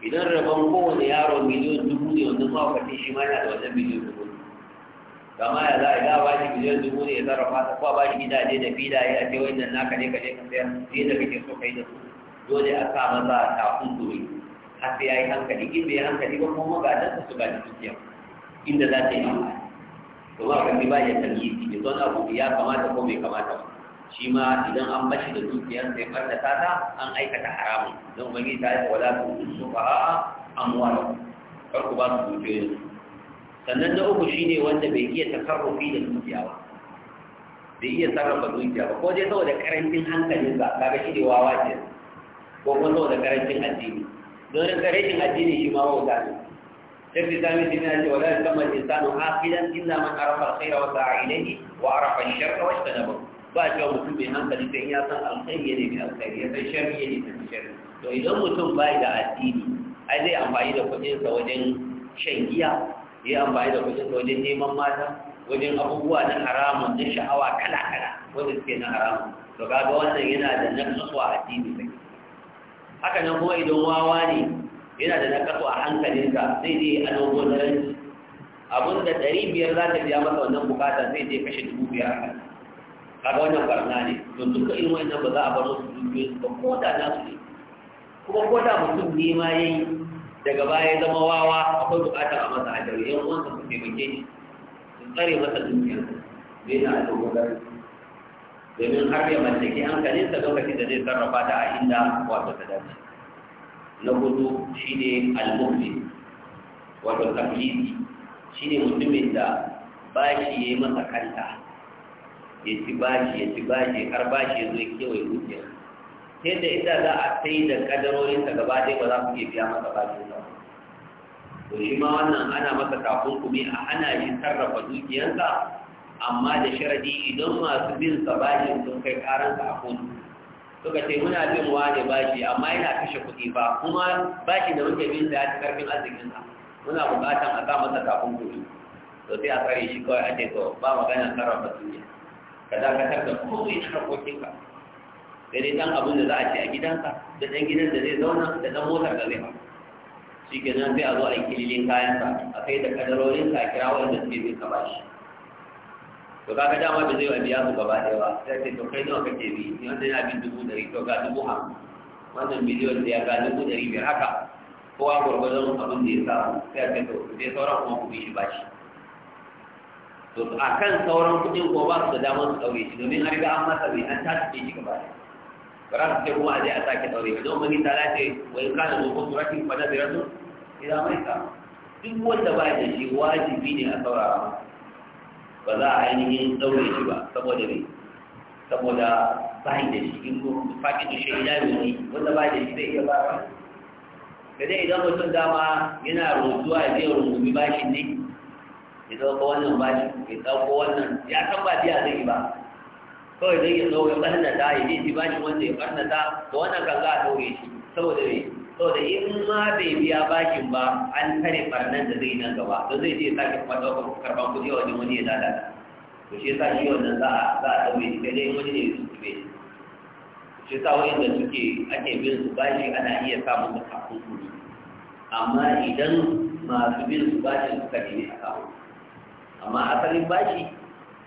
idan rabon kowane yaro miliyon dubu ne wannan mahaukaci shi ma yana da wannan miliyon dubu kama ya za a ga ba shi miliyan dubu ne ya sarrafa ta kuma ba shi gidaje da filaye a ce wannan naka ne ka je ka sayar sai da kake so kai da su dole a sa maza a kafin duri har sai ya yi hankali in bai hankali ba kuma magadansa su gani dukiya inda za ta yi amfani to ba kan ba ya talhisi ne don abu ya kamata ko bai kamata shi ma idan an bashi da dukiyar sai da tata an aikata haramun don ubangiji ta yi wala su su fa'a amwala kar ku ba su dukiyoyin sannan na uku shine wanda bai iya takarrufi da dukiya ba bai iya sarrafa dukiya ba ko dai saboda karancin hankalinsa kaga shi ne wawa ce ko kuma saboda karancin addini don rinka rashin addini shi ma wauta ne ce شيخ الإسلام ابن تيمية ولا يسمى الإنسان عاقلا إلا من عرف الخير وسعى إليه وعرف الشر واجتنبه ba cewa mutum mai hankali sai ya san alkhairi ne mai alkhairi ya san sharri ne mai sharri to idan mutum bai da addini ai zai amfani da kuɗin sa wajen shan giya ya amfani da kuɗin sa wajen neman mata wajen abubuwa na haramun na sha'awa kala kala wanda suke na haramun to kaga wannan yana da naqsu a addini sai haka nan kuma idan wawa ne yana da nakasu a hankalinsa zai je ranci abin da ɗari biyar za ta biya masa wannan bukata zai je kashe dubu biyar a kan kaga wannan barna ne don duka irin wannan ba za a bar wasu dubiyoyi ba ko da na su ne kuma ko da mutum ne ma ya yi daga baya ya zama wawa akwai bukatar a masa a jari yan uwansa su taimake shi su tsare masa dukiyar zai na ranci domin har ya mallaki ta lokacin da zai sarrafa ta a inda wato ta dace na hudu shi al-mukhlis wato shi ne mutumin da bashi yi masa kanta ya ci bashi ya ci bashi har bashi ya zo ya kewaye dukiya sai da ita za a sai da kadarorinsa gaba dai ba za su iya biya masa bashi ba to shi ma wannan ana masa takunkumi a hana shi sarrafa dukiyarsa amma da sharadi idan masu bin sa bashin sun kai karansa a kotu suka ce muna bin wa ne bashi amma yana kashe kuɗi ba kuma bashi da muke bin sa ya ci karfin sa muna buƙatan a sa masa kafin kuɗi to sai a tsare shi kawai a ce to ba magana su ne ka dakatar da komai na harkokinka sai dai ɗan abin da za a ce a gidansa da ɗan gidan da zai zauna da ɗan motar da zai hau shi kenan sai a zo a yi kililin kayansa a kai da kadarorinsa a kira wanda suke bin sa bashi to kaga dama bai zai biya su gaba ɗaya ba sai ce to kai nawa kake bi ni wannan yana bin dubu ɗari to ga dubu hamsin wannan miliyon ɗaya ga dubu dari bi haka kowa gwargwadon abin da ya samu sai a ce to sai sauran kuma ku bi shi ba shi to a kan sauran kuɗin ko ba su da damar su ɗaure shi domin an riga an masa bai an tashi shi gaba ɗaya ba za su ce kuma a je a sake ɗaure ba don mani tala ce wai ka da zuwa surakin fada da rasu idan mai ka duk wanda ba da shi wajibi ne a saurara masa ba za a ainihin daure shi ba saboda me saboda bai da shi in ko fakin da shaida ne wanda bai da shi zai iya ba ba dai idan mutum dama yana rutuwa ya zai rungumi bashin ne ya dauko wannan bashin ya dauko wannan ya san ba biya zai yi ba kawai zai ya zo ya barnata ya ce shi bashin wanda ya barnata to wannan kan za a daure shi saboda me so da in ma bai biya bakin ba an tare barnan da zai nan gaba don zai je sake kuma ɗaukar karban kudi a wajen wani ya lalata to shi yasa shi wannan za a za a dauke shi kai dai wani ne ya tuntube shi yasa da suke ake bin su bashi ana iya sa musu kafin kuɗi amma idan masu bin su bashi suka ne a kawo amma asalin bashi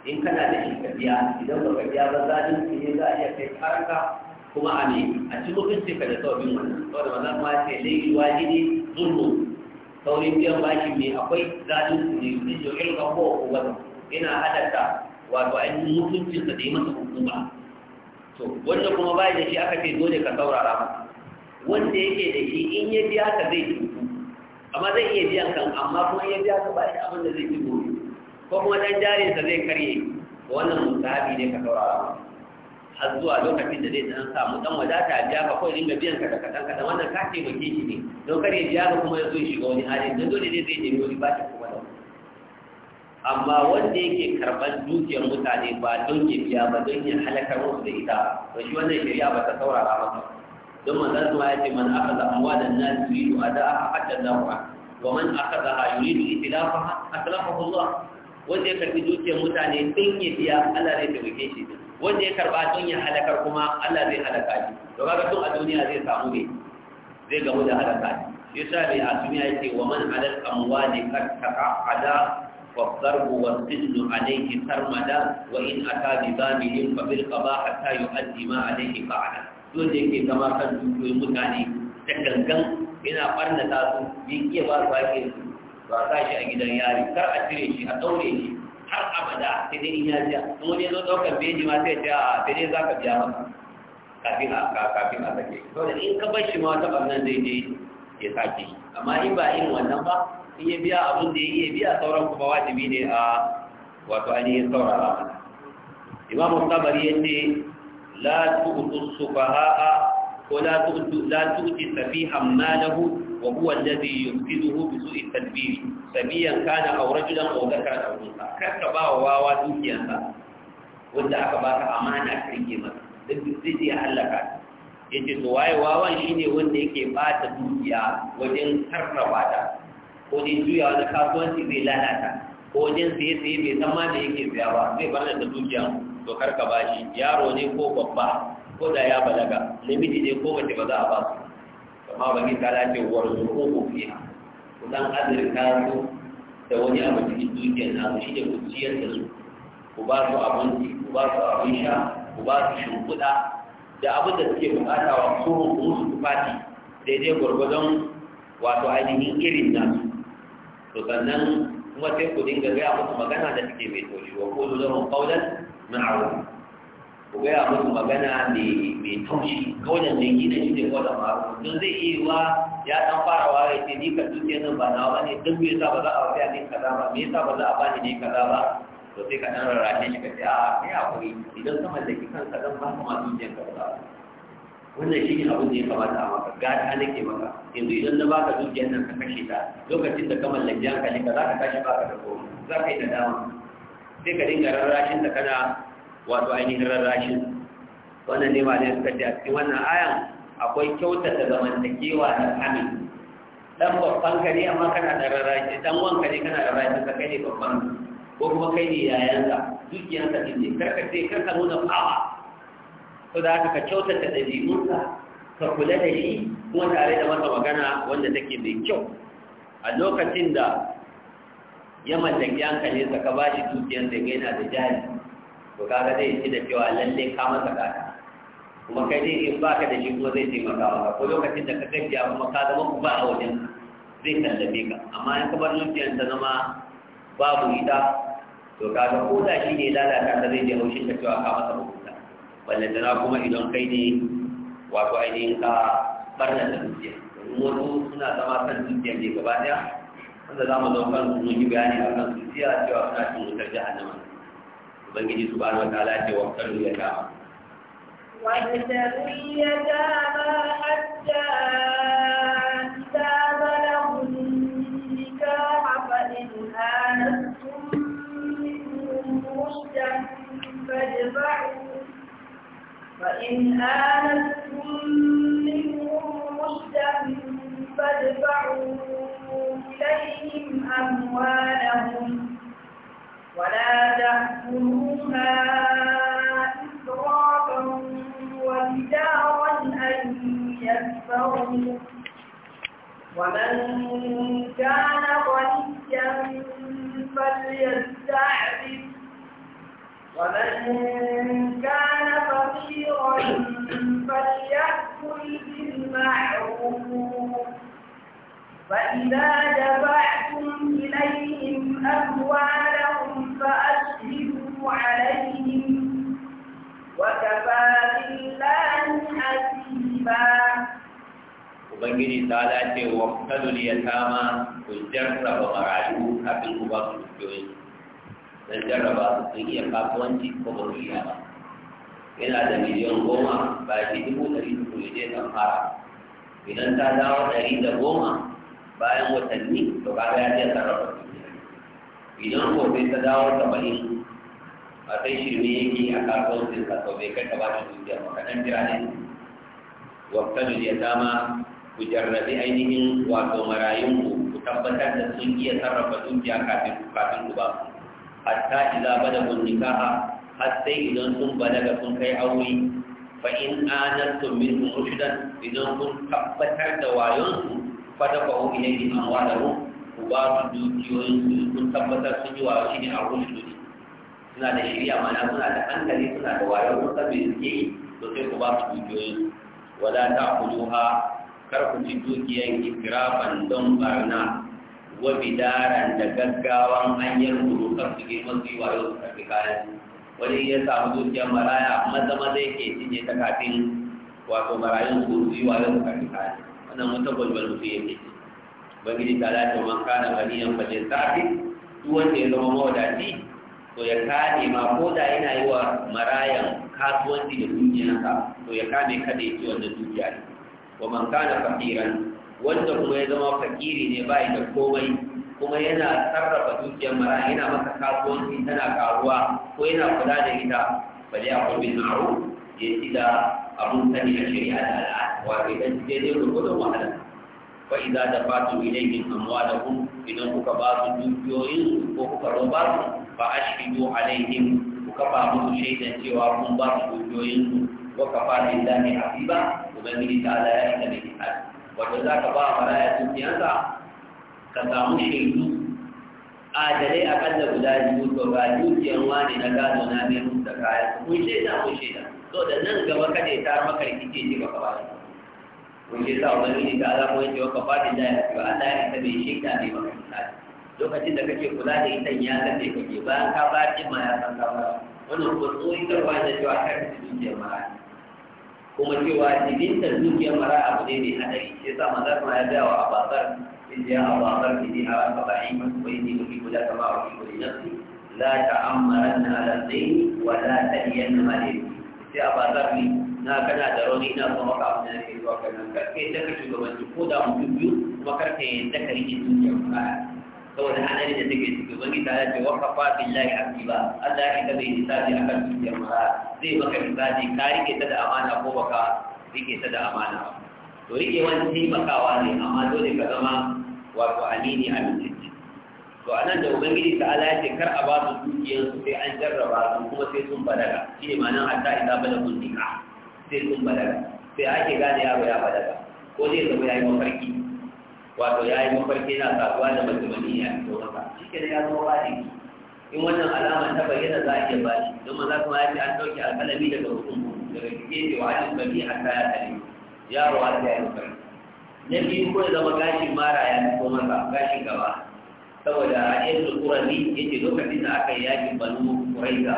in kana da shi ka biya idan ba ka biya ba za a ne za a iya kai karaka kuma a ne a ci mutunci ka da sauƙin wannan saboda maza ma ce laifi wajini zulmu saurin biyan bashi mai akwai su ne yi ne ilka ko wata yana halatta wato yi mutuncin sa da yi masa hukuma to wanda kuma ba da shi aka ce dole ka saurara ba wanda yake da shi in ya biya ka zai cutu amma zai iya biyan kan amma kuma in ya biya ka ba shi abin da zai ci gobe ko kuma dan jarinsa zai karye wannan musabi ne ka saurara ba har zuwa lokacin da zai dan samu dan wadata biya ka ko dinga biyan ka da kadan kadan wannan ka ce bake shi ne don kare biya ka kuma yazo shiga wani hali dan dole ne zai nemi wani bashi kuma da amma wanda yake karban dukiyar mutane ba don ya biya ba don ya halakar musu da ita to shi wannan shari'a ba ta saurara ba don manzon Allah ya ce man akhadha amwalan nas yuridu ada'a hatta dawa wa man akhadha yuridu itlafaha atlafahu Allah wanda ya karbi dukiyar mutane din ya biya Allah zai tabbake shi wanda ya karba don ya halakar kuma Allah zai halaka shi to kaga tun a duniya zai samu ne zai gamu da halaka shi yasa bai asumi yake wa man halal amwali qad taqa'ada والضرب والسجن عليه سرمدا وإن أتى ببامه فبالقضاء حتى يؤدي ما عليه فعلا dole ke zama kan dukiyoyin mutane ta gangan yana barna ta su bi ba su ake su ba sa shi a gidan yari kar a cire shi a daure shi har abada sai dai in jiya kuma ne zo ɗaukar beji ma sai ce a sai dai za ka biya ba kafin a kafin a sake to da in ka bar shi ma wata ɓarnan zai je ya sake amma in ba irin wannan ba in ya biya abun da ya iya biya sauran kuma wajibi ne a wato ainihin saurara mana imam tabari ya ce la tu'tu ha'a ko la tu'ti safihan malahu wa huwa alladhi yumkinuhu sabiyan kana aw rajulan aw dhakaran aw unsa kar ka ba wa wawa wanda aka baka amana ka rike masa duk halaka shine wanda yake bada dukiya wajen sarrafa ko juya wani kasuwanci zai lalata ko wajen da yake saya zai bar da to kar ka bashi yaro ne ko babba ko ya balaga namiji ne ko mace ba za a ba amma wani ta lafi warzu ko kofi ku dan azurta su da wani abu cikin dukiyar na, shi ne ku ciyar da su ku ba su abinci ku ba su abin sha ku ba su shimfiɗa da abin da suke bukata wa su musu tufafi daidai gwargwadon wato ainihin irin na su, to sannan kuma sai ku dinga gaya musu magana da suke mai toshi wa ko zuwa kaulan aure. ku gaya musu magana mai taushi ko da mai na shi ne ko da maru don zai iya wa ya san fara wa ya ce ni ka tuke nan ba na ne don me yasa ba za a wata ne kaza ba me yasa ba za a bani ne kaza ba to sai ka dan rarrashe shi ka ce a kai hakuri idan ka mallaki ka dan ba kuma ma dukiyar ka ba wannan shi ne abin da ya kamata a maka gata nake maka yanzu idan na ba ka dukiyar nan ka kashe ta lokacin da ka mallaki ka za ka tashi ka da komai za ka yi nadama sai ka dinga rarrashin ta kana wato ainihin rarrashi wannan ne malai suka ce a cikin wannan ayan akwai kyautata zamantakewa da amin dan babban kare amma kana da rarrashi dan wanka ne kana da rarrashi ka kai ne babban ko kuma kai ne yayansa dukiyansa din ne karka ce karka nuna fawa to da haka ka kyautata dabi'unka ka kula da shi kuma tare da masa magana wanda take mai kyau a lokacin da ya mallaki ne ka ba shi dukiyarsa da yana da jari to kaga zai shi da cewa lalle ka masa gata kuma kai dai in baka da shi kuma zai taimaka maka ko lokacin da ka gajiya kuma ka zama ba a wajen zai tallafe ka amma in ka bar zuciyar ta zama babu ita to kaga ko da shi ne lalata ta zai je haushin ka cewa ka masa rubuta balle da kuma idan kai ne wato ainihin ka barna da zuciya wani suna zama kan dukiya ne gaba daya wanda za mu zo kan su mun yi bayani a kan dukiya cewa suna cin wutar jahannama ubangiji subhanahu wataala ya ce wakkalu yatama فإن آنستم منهم رشدا فادفعوا إليهم أموالهم ولا تأكلوها إسرافا وبدارا أن يكفروا ومن كان غنيا فليستعفف ومن كان فقيرا فليأكل بالمعروف فإذا دفعتم إليهم أموالهم فأشهدوا عليهم وكفى بالله حسيبا Ubangiji ta dace wa kadul ya kama ku jarraba marayu kafin ku ba su dukiyoyi. Dan jarraba su sun iya kasuwanci ko ba su iya ba. Yana da miliyan goma ba shi dubu ɗari uku ne zai fara. Idan ta dawo ɗari da goma bayan watanni to kaga ya iya sarrafa idan ko bai ta dawo saba'in a sai shirme yake a kasuwancin sa to bai kai ka ba shi dukiya ba kaɗan jira ne waktalu ya dama ku jarrabi ainihin wato marayunku ku tabbatar da sun iya sarrafa dukiya kafin kafin ku ba hatta idza balagu nikaha har sai idan sun balaga sun kai aure fa in anantum min rushdan idan kun tabbatar da wayonsu fata ba wani ne an wada ru ku ba su dukiyoyin su sun tabbatar sun yi wa shi ne a rushe suna da shirya mana suna da hankali suna da wayo sun san me suke yi to sai ku ba su dukiyoyin wala ta kuluha kar ku ci dukiyan ikiraban don barna wa bidaran da gaggawan hanyar gudu kan su girma su yi wayo su karfi kayan wani ya samu dukiyar maraya maza maza yake cinye ta kafin wato marayun su yi wayo su karfi kayan nan wata gwalgwalo su yake ubangiji ta dace man kana ganiyan fajin safi duk ya zama mawadaci to ya kame ma ko da yana yi wa marayan kasuwanci da dukiyarsa to ya kame kada ya ci wannan dukiya ne wa man na fakiran wanda kuma ya zama fakiri ne bai da komai kuma yana sarrafa dukiyar mara yana masa kasuwanci tana karuwa ko yana kula da ita bale a kurbin aro ya ci da abun sani a shari'a da al'ada wato idan daidai gurgudun wahala fa idza dafatu ilayhim amwalahum idan kuka ba su dukiyoyin ko kuka roba su fa ashhidu alaihim kuka ba mu shaidan cewa kun ba su dukiyoyin su wa kafa billahi hasiba ubangiji ta'ala ya isa mai hisabi wato za ka ba maraya dukiyansa ka samu shaidu adalai a akalla guda biyu to ga dukiyan wani na gado na mai musu da kayan kun shaida kun shaida so da nan gaba kada ya tar maka rikice ce ka ba su. wanda ya sa ubangiji ta ala ko yace waka fadin da ya fi Allah ya ta bai shaida ne ba misali lokacin da kake kula da ita ya san me kake bayan ka ba ki ma ya san ka ba wannan ko tsoyi ta ba da cewa kar ka dukiyar mara kuma cewa jibin ta dukiyar mara abu ne mai hadari sai sa manzon ma ya ga wa abakar in ya abakar ki ne a ba'i ko yi ne ki kula kama a na kula nafsi la ta'ammaranna ala zaini wa la tahiyanna ma sai abakar ne na kana da rauni ina kuma ka abin da nake zuwa kanan karfe da ka shugabanci ko da mutum biyu kuma karfe da ka rike dukiyar kaya saboda hadari da take ciki ubangi ta ce wa kafa billahi hasiba Allah ya kabe hisabi akan dukiyar mara zai maka hisabi ka rike ta da amana ko baka rike ta da amana to rike wani taimakawa ne amma dole ka zama wato alini a mutunci to a nan da ubangiji ta ala ce kar a ba su dukiyarsu sai an jarraba su kuma sai sun balaga shi ne ma'anar hatta idza balagun nikah sai sun balaga sai ake gane yaro ya balaga ko zai zama ya yi mafarki wato ya yi mafarki yana saduwa da mutumani ya fito maka shi ke da ya zama baligi in wannan alama ta bayyana za a iya ba shi don maza kuma ya ce an ɗauki alƙalami daga mutum daga gefe wa alin bari a kaya ne yaro har da ya yi mafarki na biyu ko ya zama gashin mara ya koma maka gashin gaba saboda a yanzu kurani yake lokacin da aka yi yakin banu kuraiza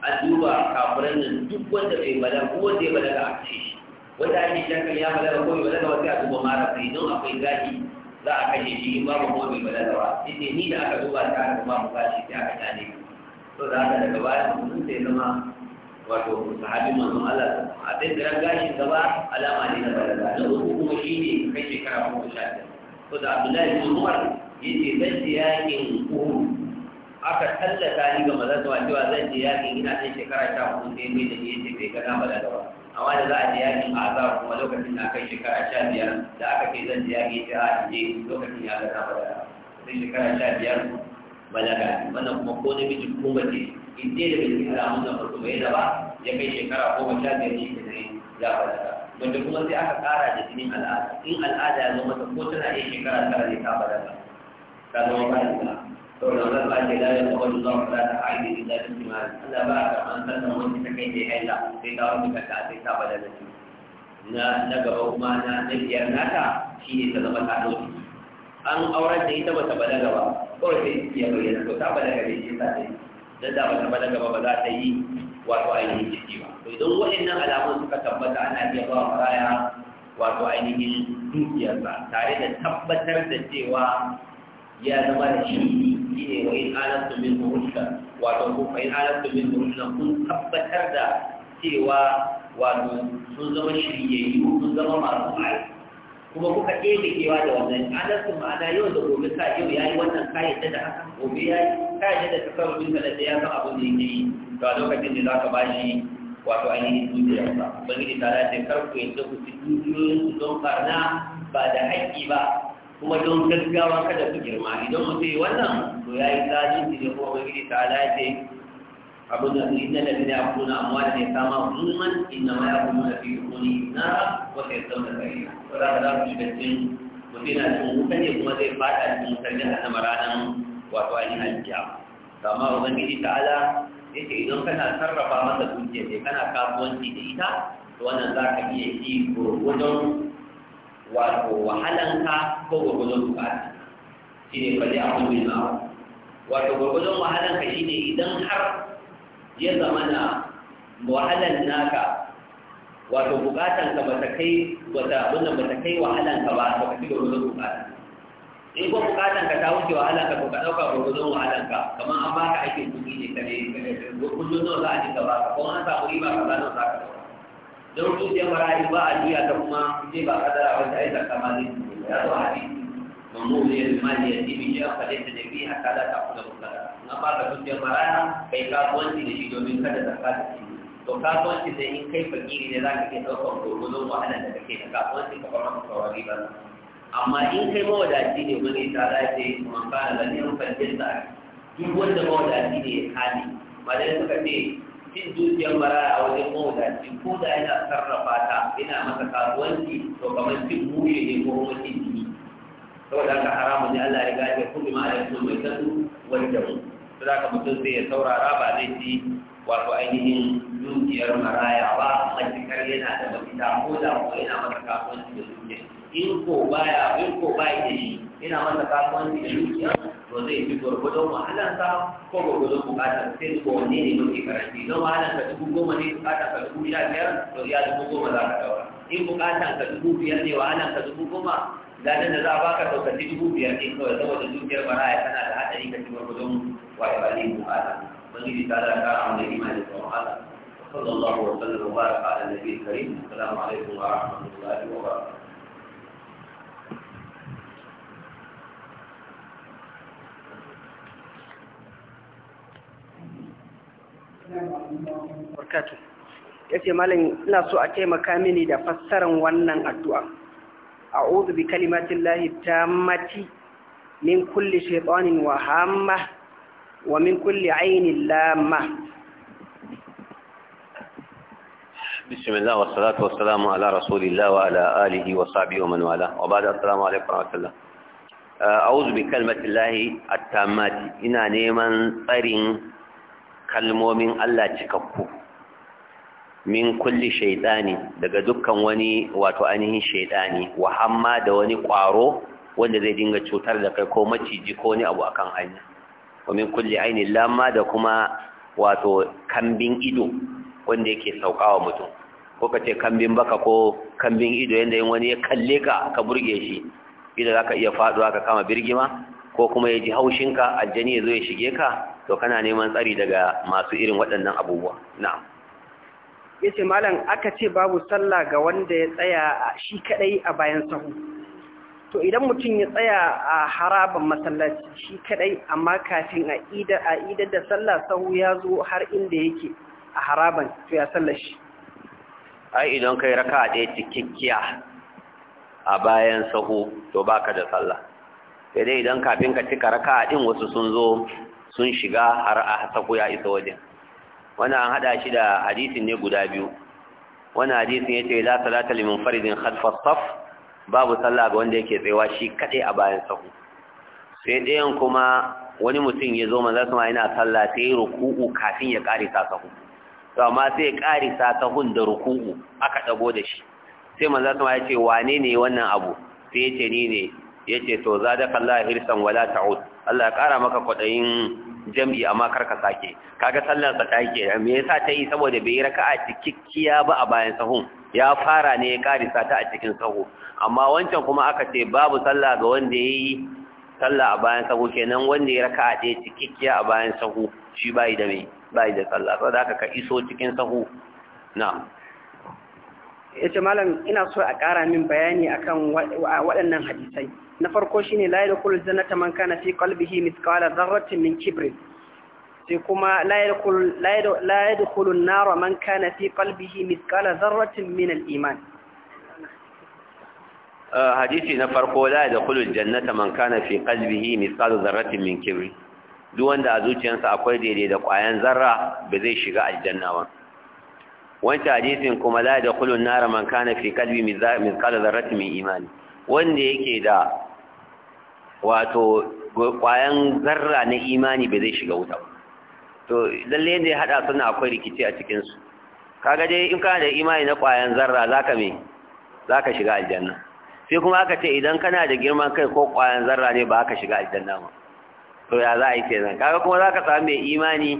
a duba kafiran nan duk wanda bai bala ko wanda ya balaga a kashe shi wanda ake shakan ya balaga ko bai balaga ba sai a duba mara sai don akwai gashi za a kashe shi in babu kuma bai balaga ba sai dai ni da aka duba ta aka ba mu gashi sai aka tane ka to da haka daga baya mutum sai zama wato sahabi manzon Allah a sai da gashin gaba alama ne na balaga da uku kuma shine kai shekara goma sha biyar to da Abdullahi bin Umar yace zan yakin Uhud aka tallata ni ga maza zuwa cewa zan je yaƙi ina ɗan shekara sha hudu sai mai da ni ce bai gana ba da ba amma da za a je yaƙin azar kuma lokacin na kai shekara sha biyar da aka ce zan je yaƙi sai a je lokacin ya ga ba da ba sai shekara sha biyar balaga wannan kuma ko na namiji ko mace in dai da bai kira mun da mutum bai da ba ya kai shekara goma sha biyar shi ne ya balaga wanda kuma sai aka ƙara da jinin al'ada in al'ada ya zo mata ko tana iya shekara tara ne ta balaga ta zama ba da saboda wannan ba ce lalai da wani zuwa fara da hali da zafin jimali Allah ba ka an sannan wani ta kai da haila sai ta wani kanta sai ta bada da shi na na gaba kuma na na biyar nata shi ne ta zama ta doki an auren da ita bata balaga gaba, kawai sai ya bayyana ko ta balaga ne shi ta sai dan da bata balaga gaba ba za ta yi wato ainihin ciki ba to idan waɗannan alamun suka tabbata ana iya ba maraya wato ainihin dukiyarsa tare da tabbatar da cewa ya zama da shi shine wa in alastu min rushda wato ko fa in alastu min rushda kun tabbatar da cewa wato sun zama shiryayyu sun zama masu ai kuma kuka ɗebe kewa da wannan alastu ma'ana yau da gobe sa yau ya yi wannan ka da haka gobe yayi ka yadda da takarrubin ka da ya san abin da yake yi to a lokacin da zaka bashi wato ainihin dukiyarsa ubangiji ta dace kar ku yadda ku ci dukiyoyin don barna ba da haƙƙi ba kuma don gaggawa kada ku girma idan mu yi wannan to ya yi zalunci ne ko ga gidi ta alaƙe abin da a kuna amma da ne kama zulman inna ma yaquluna fi quluni nara na ko sayyida to da za ku cikin mutum na cikin wuta ne kuma zai fada cikin wutar da sama ranar wato ainihin alkiya kama ala ya ce idan kana sarrafa masa dukiya ne kana kasuwanci da ita to wannan za ka iya yi wajen wato wahalanka ko gwargwadon bukata shi ne falle a kullum bil ma'ruf wato gwargwadon wahalanka shi ne idan har ya zama na wahalan naka wato bukatanka ba ta kai wata wannan bata kai wahalanka ba ba ka fi gwargwadon bukata in ko bukatan ka ta wuce wahalan ka to ka dauka gurgurdun wahalan ka kamar an baka aikin kuɗi ne kare kullum nawa za a dinga baka ko an samu riba ka za nawa za don mara marayu ba a biya ta kuma sai ba kadara wanda ai da kamar ya zo yi. mamu ne ya zama ne ya ce bi shi aka ta da biya kada ta kula mutara na ba ka dukiyar maraya kai kasuwanci da shi domin kada ta kada shi to kasuwanci da in kai fakiri ne za ka iya ɗaukar gurgurun wahala da kake da kasuwanci ka fara maka wari ba amma in kai mawadaci ne wani ta dace man kana da ne mun fahimta duk wanda mawadaci ne ya kame ba dai suka ce cin dukiyar maraya a wajen mawudaci ko da yana sarrafa ta yana masa kasuwanci to kamar cin mushe ne ko kuma cin jini saboda haka haramu ne Allah ya gaje kullu ma ya mai kadu wanda mu to da mutum sai ya saurara ba zai ci wato ainihin dukiyar maraya ba matukar yana da mafita ko da kuma yana masa kasuwanci da dukiyar in ko baya in ko baya da shi ina masa kasuwanci da dukiya to zai fi gwargwadon wahalansa ko gwargwadon bukatar sai ko wanne ne mafi karanci don wahalan ka dubu goma ne bukatar ka dubu sha biyar to iya dubu goma za ka daura in bukatar ka dubu biyar ne wahalan ka dubu goma ladan da za a baka saukaci dubu biyar ne kawai saboda dukiyar baraya tana da haɗari ka ci gwargwadon wa'ibali bukata ubangiji ta da kara wanda ima da tsoron Allah صلى الله وسلم وبارك على النبي الكريم السلام عليكم ورحمه الله وبركاته barkatu ce malin ina so a taimaka mini da fassaran wannan addu'a a'udhu bi ta mati min kulli shaytanin wa wa min kulli ainin lama. بسم الله والصلاة والسلام على رسول الله وعلى آله وصحبه ومن والاه وبعد السلام عليكم ورحمة الله أعوذ بكلمة الله التامات إنا نيمان طرين kalmomin Allah cikakku min kulli shaidani daga dukkan wani wato ainihin shaidani wa hamma da wani kwaro wanda zai dinga cutar da kai ko maciji ko wani abu akan hanya wa min kulli aini lamma da kuma wato kambin ido wanda yake saukawa mutum ko ka ce kambin baka ko kambin ido yanda yin wani ya kalle ka ka burge shi idan zaka iya faduwa ka kama birgima ko kuma ya ji haushinka aljani ya zo ya shige ka to kana neman tsari daga masu irin waɗannan abubuwa na'am yace malam aka ce babu sallah ga wanda ya tsaya shi kadai a bayan sahu to idan mutum ya tsaya a haraban masallaci shi kadai amma kafin a ida a ida da sallah sahu ya zo har inda yake a haraban to ya sallar shi ai idan kai raka'a ɗaya cikakkiya a bayan sahu to baka da sallah sai dai idan kafin ka cika raka'a din wasu sun zo sun shiga har a sako ya isa wajen Wani an haɗa shi da hadisin ne guda biyu Wani hadisin yace la salata liman faridin khalfa saf babu sallah ga wanda yake tsayawa shi kaɗai a bayan sahu sai ɗayan kuma wani mutum ya zo manzo sama yana sallah sai ruku'u kafin ya karisa sahu to amma sai ya karisa sahun da ruku'u aka ɗago da shi sai manzo sama yace wane ne wannan abu sai ce ni ne ce to zadaka Allah hirsan wala ta'ud Allah ya kara maka kwaɗayin jam'i amma kar ka sake kaga sallar sa take me yasa ta yi saboda bai raka'a cikakkiya ba a bayan sahun ya fara ne ya karisa ta a cikin sahu amma wancan kuma aka ce babu sallah ga wanda yayi sallah a bayan sahu kenan wanda ya raka'a ɗaya cikakkiya a bayan sahu shi bai da me bai da sallah saboda haka ka iso cikin sahu na'am yace malam ina so a ƙara min bayani akan waɗannan hadisai na farko shine la yadkhulul jannata man kana fi qalbihi mithqala dharratin min kibrin sai kuma la yadkhul la yadkhulun man kana fi qalbihi mithqala dharratin min al-iman uh, hadisi na farko la yadkhulul jannata man kana fi qalbihi mithqala dharratin min kibri, duk wanda a zuciyarsa akwai daidai da ƙwayan zarra ba zai shiga aljanna ba wancan hadisin kuma la da kulun nara man kana fi kalbi mizqala zarratin min imani wanda yake da wato kwayan zarra na imani bai zai shiga wuta to lalle ne hada suna akwai rikici a cikin su kaga dai in kana da imani na kwayan zarra zaka me zaka shiga aljanna sai kuma aka ce idan kana da girman kai ko kwayan zarra ne ba ka shiga aljanna ba to ya za a yi kenan kaga kuma zaka samu mai imani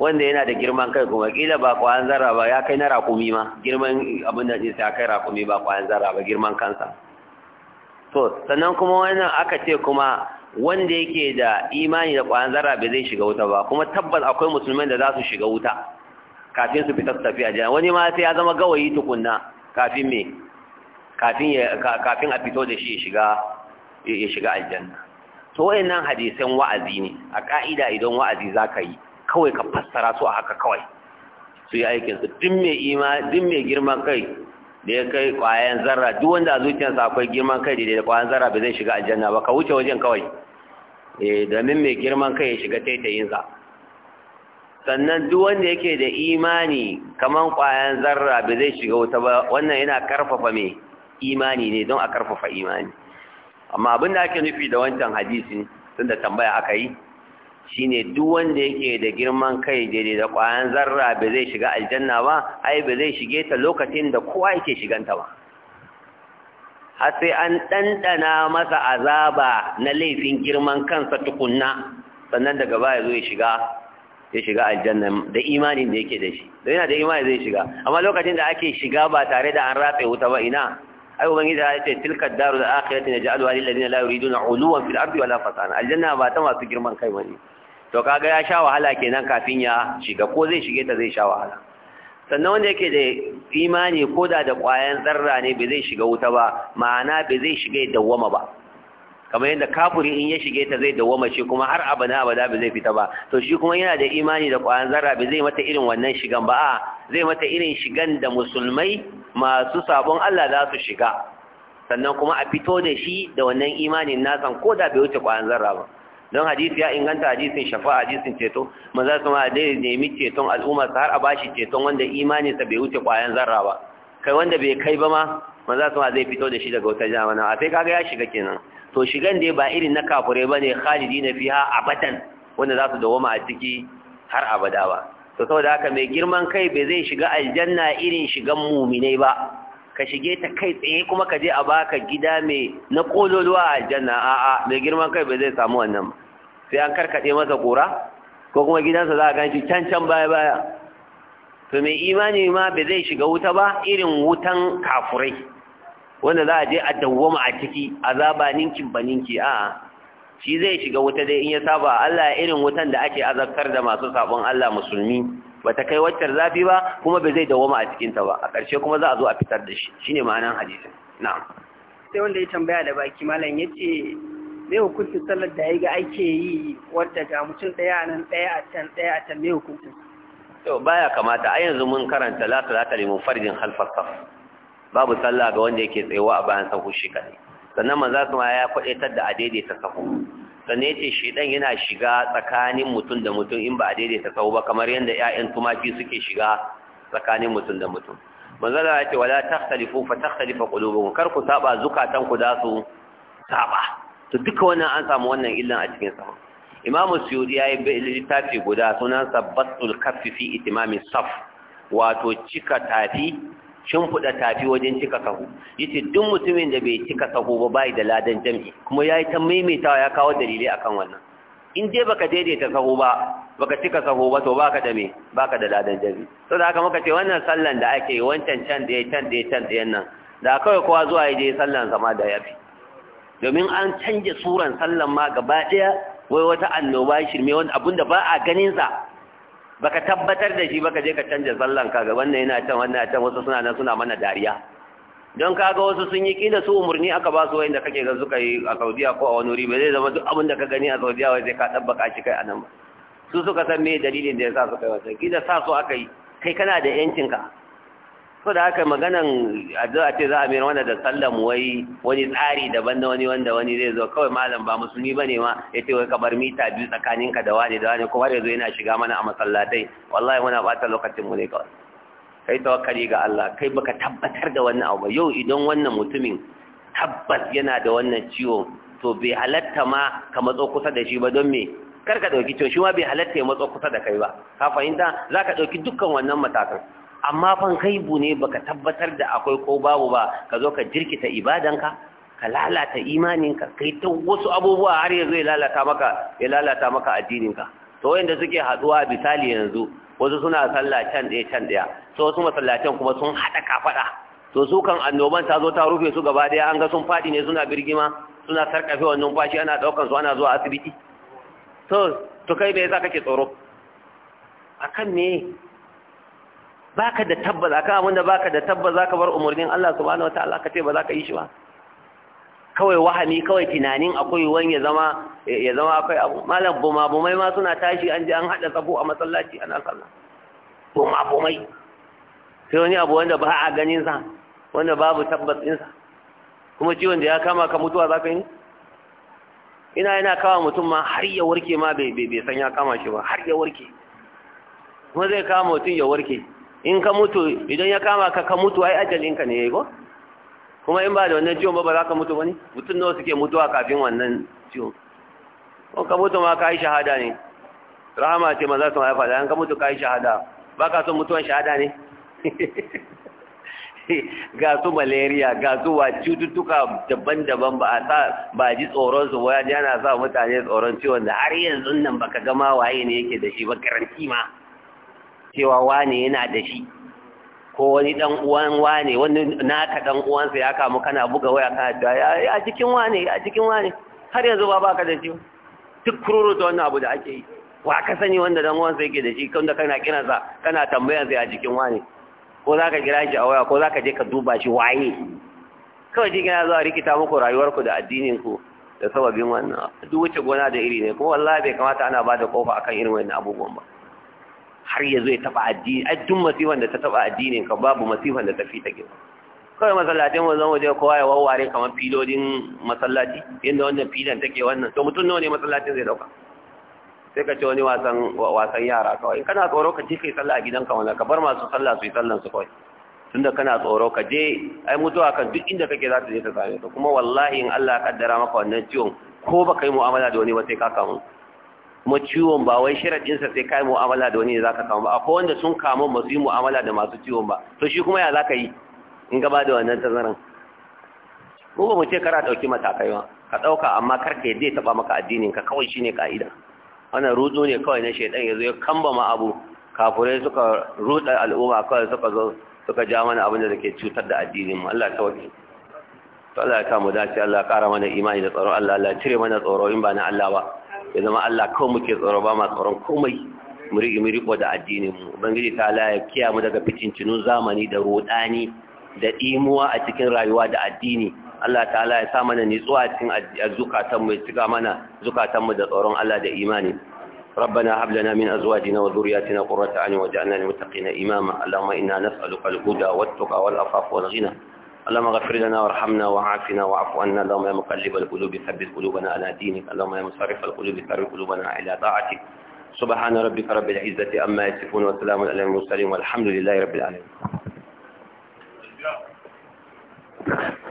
wanda yana da girman kai kuma kila ba kwayan zarra ba ya kai na rakumi ma girman abin da zai sa kai rakumi ba kwayan zarra ba girman kansa to sannan kuma wannan aka ce kuma wanda yake da imani da ƙwayan zarra bai zai shiga wuta ba kuma tabbas akwai musulmai da za su shiga wuta kafin su fita su tafi a jiya wani ma sai ya zama gawayi tukunna kafin me kafin ya kafin a fito da shi ya shiga ya shiga aljanna to wayannan hadisan wa'azi ne a ka'ida idan wa'azi zaka yi kawai ka fassara su a haka kawai su yi aikin su duk mai ima duk mai girman kai da ya kai kwayan zarra duk wanda a zuciyarsa akwai girman kai da kwayan zarra ba zai shiga aljanna ba ka wuce wajen kawai eh domin mai girman kai ya shiga taitayinsa sannan duk wanda yake da imani kaman kwayan zarra ba zai shiga wuta ba wannan yana karfafa mai imani ne don a karfafa imani amma abin da ake nufi da wancan hadisi da tambaya aka yi shine duk wanda yake da girman kai daidai da ƙwayan zarra ba zai shiga aljanna ba ai ba zai shige ta lokacin da kowa yake shiganta ba har sai an ɗanɗana masa azaba na laifin girman kansa tukunna sannan daga ya zo ya shiga ya shiga aljanna da imanin da yake da shi da yana da imani zai shiga amma lokacin da ake shiga ba tare da an ratse wuta ba ina ai ubangiji ya ce tilka darul akhirati naj'aluha lil ladina la yuriduna uluwan fil ardi wala fasana aljanna ba ta masu girman kai bane to kaga ya sha wahala kenan kafin ya shiga ko zai shige ta zai sha wahala sannan wanda yake da imani ko da da ƙwayan tsarra ne bai zai shiga wuta ba ma'ana bai zai shiga dawwama ba kamar yadda kafuri in ya shige ta zai dawwama shi kuma har abana abada bai zai fita ba to shi kuma yana da imani da ƙwayan zarra bai zai mata irin wannan shigan ba a zai mata irin shigan da musulmai masu sabon Allah za su shiga sannan kuma a fito da shi da wannan imanin nasan ko da bai wuce ƙwayan zarra ba don hadisi ya inganta hadisin shafa'a hadisin ceto maza su ma dai nemi ceton al'umma har a bashi ceton wanda imani sa bai wuce kwayan zarra ba kai wanda bai kai ba ma maza su ma zai fito da shi daga wata jama'a a sai kaga ya shiga kenan to shigan dai ba irin na kafure bane khalidina fiha abadan wanda za su dawoma a ciki har abada ba to saboda haka mai girman kai bai zai shiga aljanna irin shigan muminai ba ka shige ta kai tsaye kuma ka je a baka gida mai na kololuwa a aljanna a'a mai girman kai ba zai samu wannan sai an karkade masa kura ko kuma gidansa za a ganci can can baya baya to mai imani ma ba zai shiga wuta ba irin wutan kafurai wanda za a je a dawwama a ciki azaba ninkin ba ninki a'a shi zai shiga wuta dai in ya saba Allah irin wutan da ake azabtar da masu sabon Allah musulmi ba ta kai waccar zafi ba kuma ba zai dawoma a cikinta ba a ƙarshe kuma za a zo a fitar da shi shine ma'anan hadisin na'am sai wanda ya tambaya da baki malam yace me hukuncin sallar da ga ake yi wanda ga mutum daya nan daya a can daya a can me hukuncin to baya kamata a yanzu mun karanta la salata lil munfaridin khalfas saf babu sallah ga wanda yake tsayawa a bayan sahu shi kadai sannan manzo ma ya kwadaitar da a daidaita sahu sannan ce shedan yana shiga tsakanin mutum da mutum in ba a daidaita sau ba kamar yadda 'ya'yan tumaki suke shiga tsakanin mutum da mutum manzo Allah yace wala takhtalifu fa takhtalifa qulubukum kar ku saba zukatan ku da su saba to duka wannan an samu wannan illan a cikin sa ya yi yayi littafi guda sunan sabbatul kaffi fi itimami saf wato cika tafi shimfiɗa tafi wajen cika sahu ce duk mutumin da bai cika sahu ba bai da ladan jam'i kuma ya yi ta maimaitawa ya kawo dalilai akan wannan in dai baka daidaita sahu ba baka cika sahu ba to baka da me baka da ladan jam'i da haka muka ce wannan sallan da ake yi wancan can da ya can da ya can da nan da kawai kowa zuwa ya je sallan sama da yafi domin an canja suran sallan ma gaba ɗaya wai wata annoba shirme wani abun da ba a ganin sa baka tabbatar da shi baka je ka canja zallan ga wannan yana can wannan can wasu suna nan suna mana dariya don kaga wasu sun yi kila su umurni aka ba su da kake ga suka yi a Saudiya ko a wani wuri ba zai zama duk abin da ka gani a Saudiya wai sai ka tabbaka shi kai anan ba su suka san me dalilin da yasa suka yi wannan kila sa su aka yi kai kana da yancin ka so da haka maganan addu'a ce za a mayar wanda da sallam wai wani tsari daban da wani wanda wani zai zo kawai malam ba musulmi bane ma yace wai kabar mita biyu tsakaninka da wani da wani kuma yanzu yana shiga mana a masallatai wallahi muna bata lokacin mu ne kawai kai tawakkali ga Allah kai baka tabbatar da wannan abu yau idan wannan mutumin tabbas yana da wannan ciwo to bai halatta ma ka matso kusa da shi ba don me kar ka dauki to shi ma bai halatta ya matso kusa da kai ba ka fahimta zaka dauki dukkan wannan matakan amma fan bu ne baka tabbatar da akwai ko babu ba ka zo ka jirkita ibadanka ka lalata imaninka kai ta wasu abubuwa har yanzu ya lalata maka ya lalata maka addininka to wayanda suke haduwa misali yanzu wasu suna sallah can ɗaya can ɗaya so wasu masallacin kuma sun haɗa kafaɗa to su kan annoban ta zo ta rufe su gaba ɗaya an ga sun faɗi ne suna birgima suna sarƙafe wannan fashi ana ɗaukan su ana zuwa asibiti to to kai me yasa kake tsoro akan me baka da tabbas akan abin da baka da tabbas zaka bar umurnin Allah subhanahu wataala ka ce ba za ka yi shi ba kawai wahami kawai tunanin akwai wani ya zama ya zama akwai abu malam buma bumai ma suna tashi an ji an hada sabo a masallaci ana sallah buma bumai sai wani abu wanda ba a ganin sa wanda babu tabbas din sa kuma ciwon da ya kama ka mutuwa zaka yi ina ina kawo mutum ma har ya warke ma bai bai san ya kama shi ba har ya warke kuma zai kama mutum ya warke in ka mutu idan ya kama ka ka mutu ai ajalin ka ne yayi ko kuma in ba da wannan ciwon ba ba za ka mutu bane mutun nawa suke mutuwa kafin wannan ciwon ko ka mutu ma kai shahada ne rahama ce maza sun haifa da an ka mutu kai shahada ba ka son mutuwan shahada ne ga su malaria ga su wa cututtuka daban-daban ba a sa ba ji tsoron su waya yana sa mutane tsoron ciwon da har yanzu nan baka gama waye ne yake da shi ba karanti ma cewa wane yana da shi ko wani dan uwan wane wani naka dan uwansa ya kamu kana buga waya kana da ya a cikin wane a cikin wane har yanzu ba baka da shi duk kururu da wannan abu da ake yi wa ka sani wanda dan uwansa yake da shi da kana sa kana tambayar sai a cikin wane ko za ka kira shi a waya ko za ka je ka duba shi waye kawai shi yana zuwa rikita muku rayuwarku da addininku da sababin wannan duk wuce gona da iri ne kuma wallahi bai kamata ana bada kofa akan irin wannan abubuwan ba har ya zo ya taɓa addini a duk masifan da ta taɓa addinin ka babu masifan da ta fi ta girma kawai masallacin wanzan waje kowa ya wawware kamar filodin masallaci yadda wannan filan take wannan to mutum nawa ne masallacin zai dauka sai ka ce wani wasan wasan yara kawai kana tsoro ka je kai sallah a gidanka wannan ka bar masu sallah su yi sallan su kawai tunda kana tsoro ka je ai mutuwa kan duk inda kake za ta je ta same ka kuma wallahi in Allah ya kaddara maka wannan ciwon ko baka yi mu'amala da wani ba sai ka kamu kuma ciwon ba wai sharaɗinsa sai kai mu'amala da wani ne za ka kama ba akwai wanda sun kamu masu yi mu'amala da masu ciwon ba to shi kuma ya za ka yi in gaba da wannan tazaran ko ba mu ce kara ɗauki matakai ba ka ɗauka amma kar ka ya taɓa maka addinin ka kawai shine ka'ida wannan rudo ne kawai na shaidan ya zo ya kamba ma abu kafurai suka ruɗa al'umma kawai suka zo suka ja mana abin da ke cutar da addinin mu Allah kawai to Allah ya kamu dace Allah ya ƙara mana imani da tsaro Allah Allah cire mana tsoro in ba na Allah ba ya zama Allah kawai muke tsoro ba ma tsoron komai mu riƙe mu da addinin mu ubangiji ta Allah ya kiya mu daga fitincinun zamani da rodani da ɗimuwa a cikin rayuwa da addini Allah Allah ya sa mana nitsuwa cikin zukatan mu ya cika mana zukatan mu da tsoron Allah da imani ربنا هب لنا من ازواجنا وذرياتنا قرة اعين واجعلنا للمتقين اماما اللهم انا نسالك الهدى والتقى والعفاف والغنى اللهم اغفر لنا وارحمنا وعافنا واعف عنا اللهم يا مقلب القلوب ثبت قلوبنا على دينك اللهم يا مصرف القلوب ثبت قلوبنا على طاعتك سبحان ربك رب العزة أما يصفون وسلام على المرسلين والحمد لله رب العالمين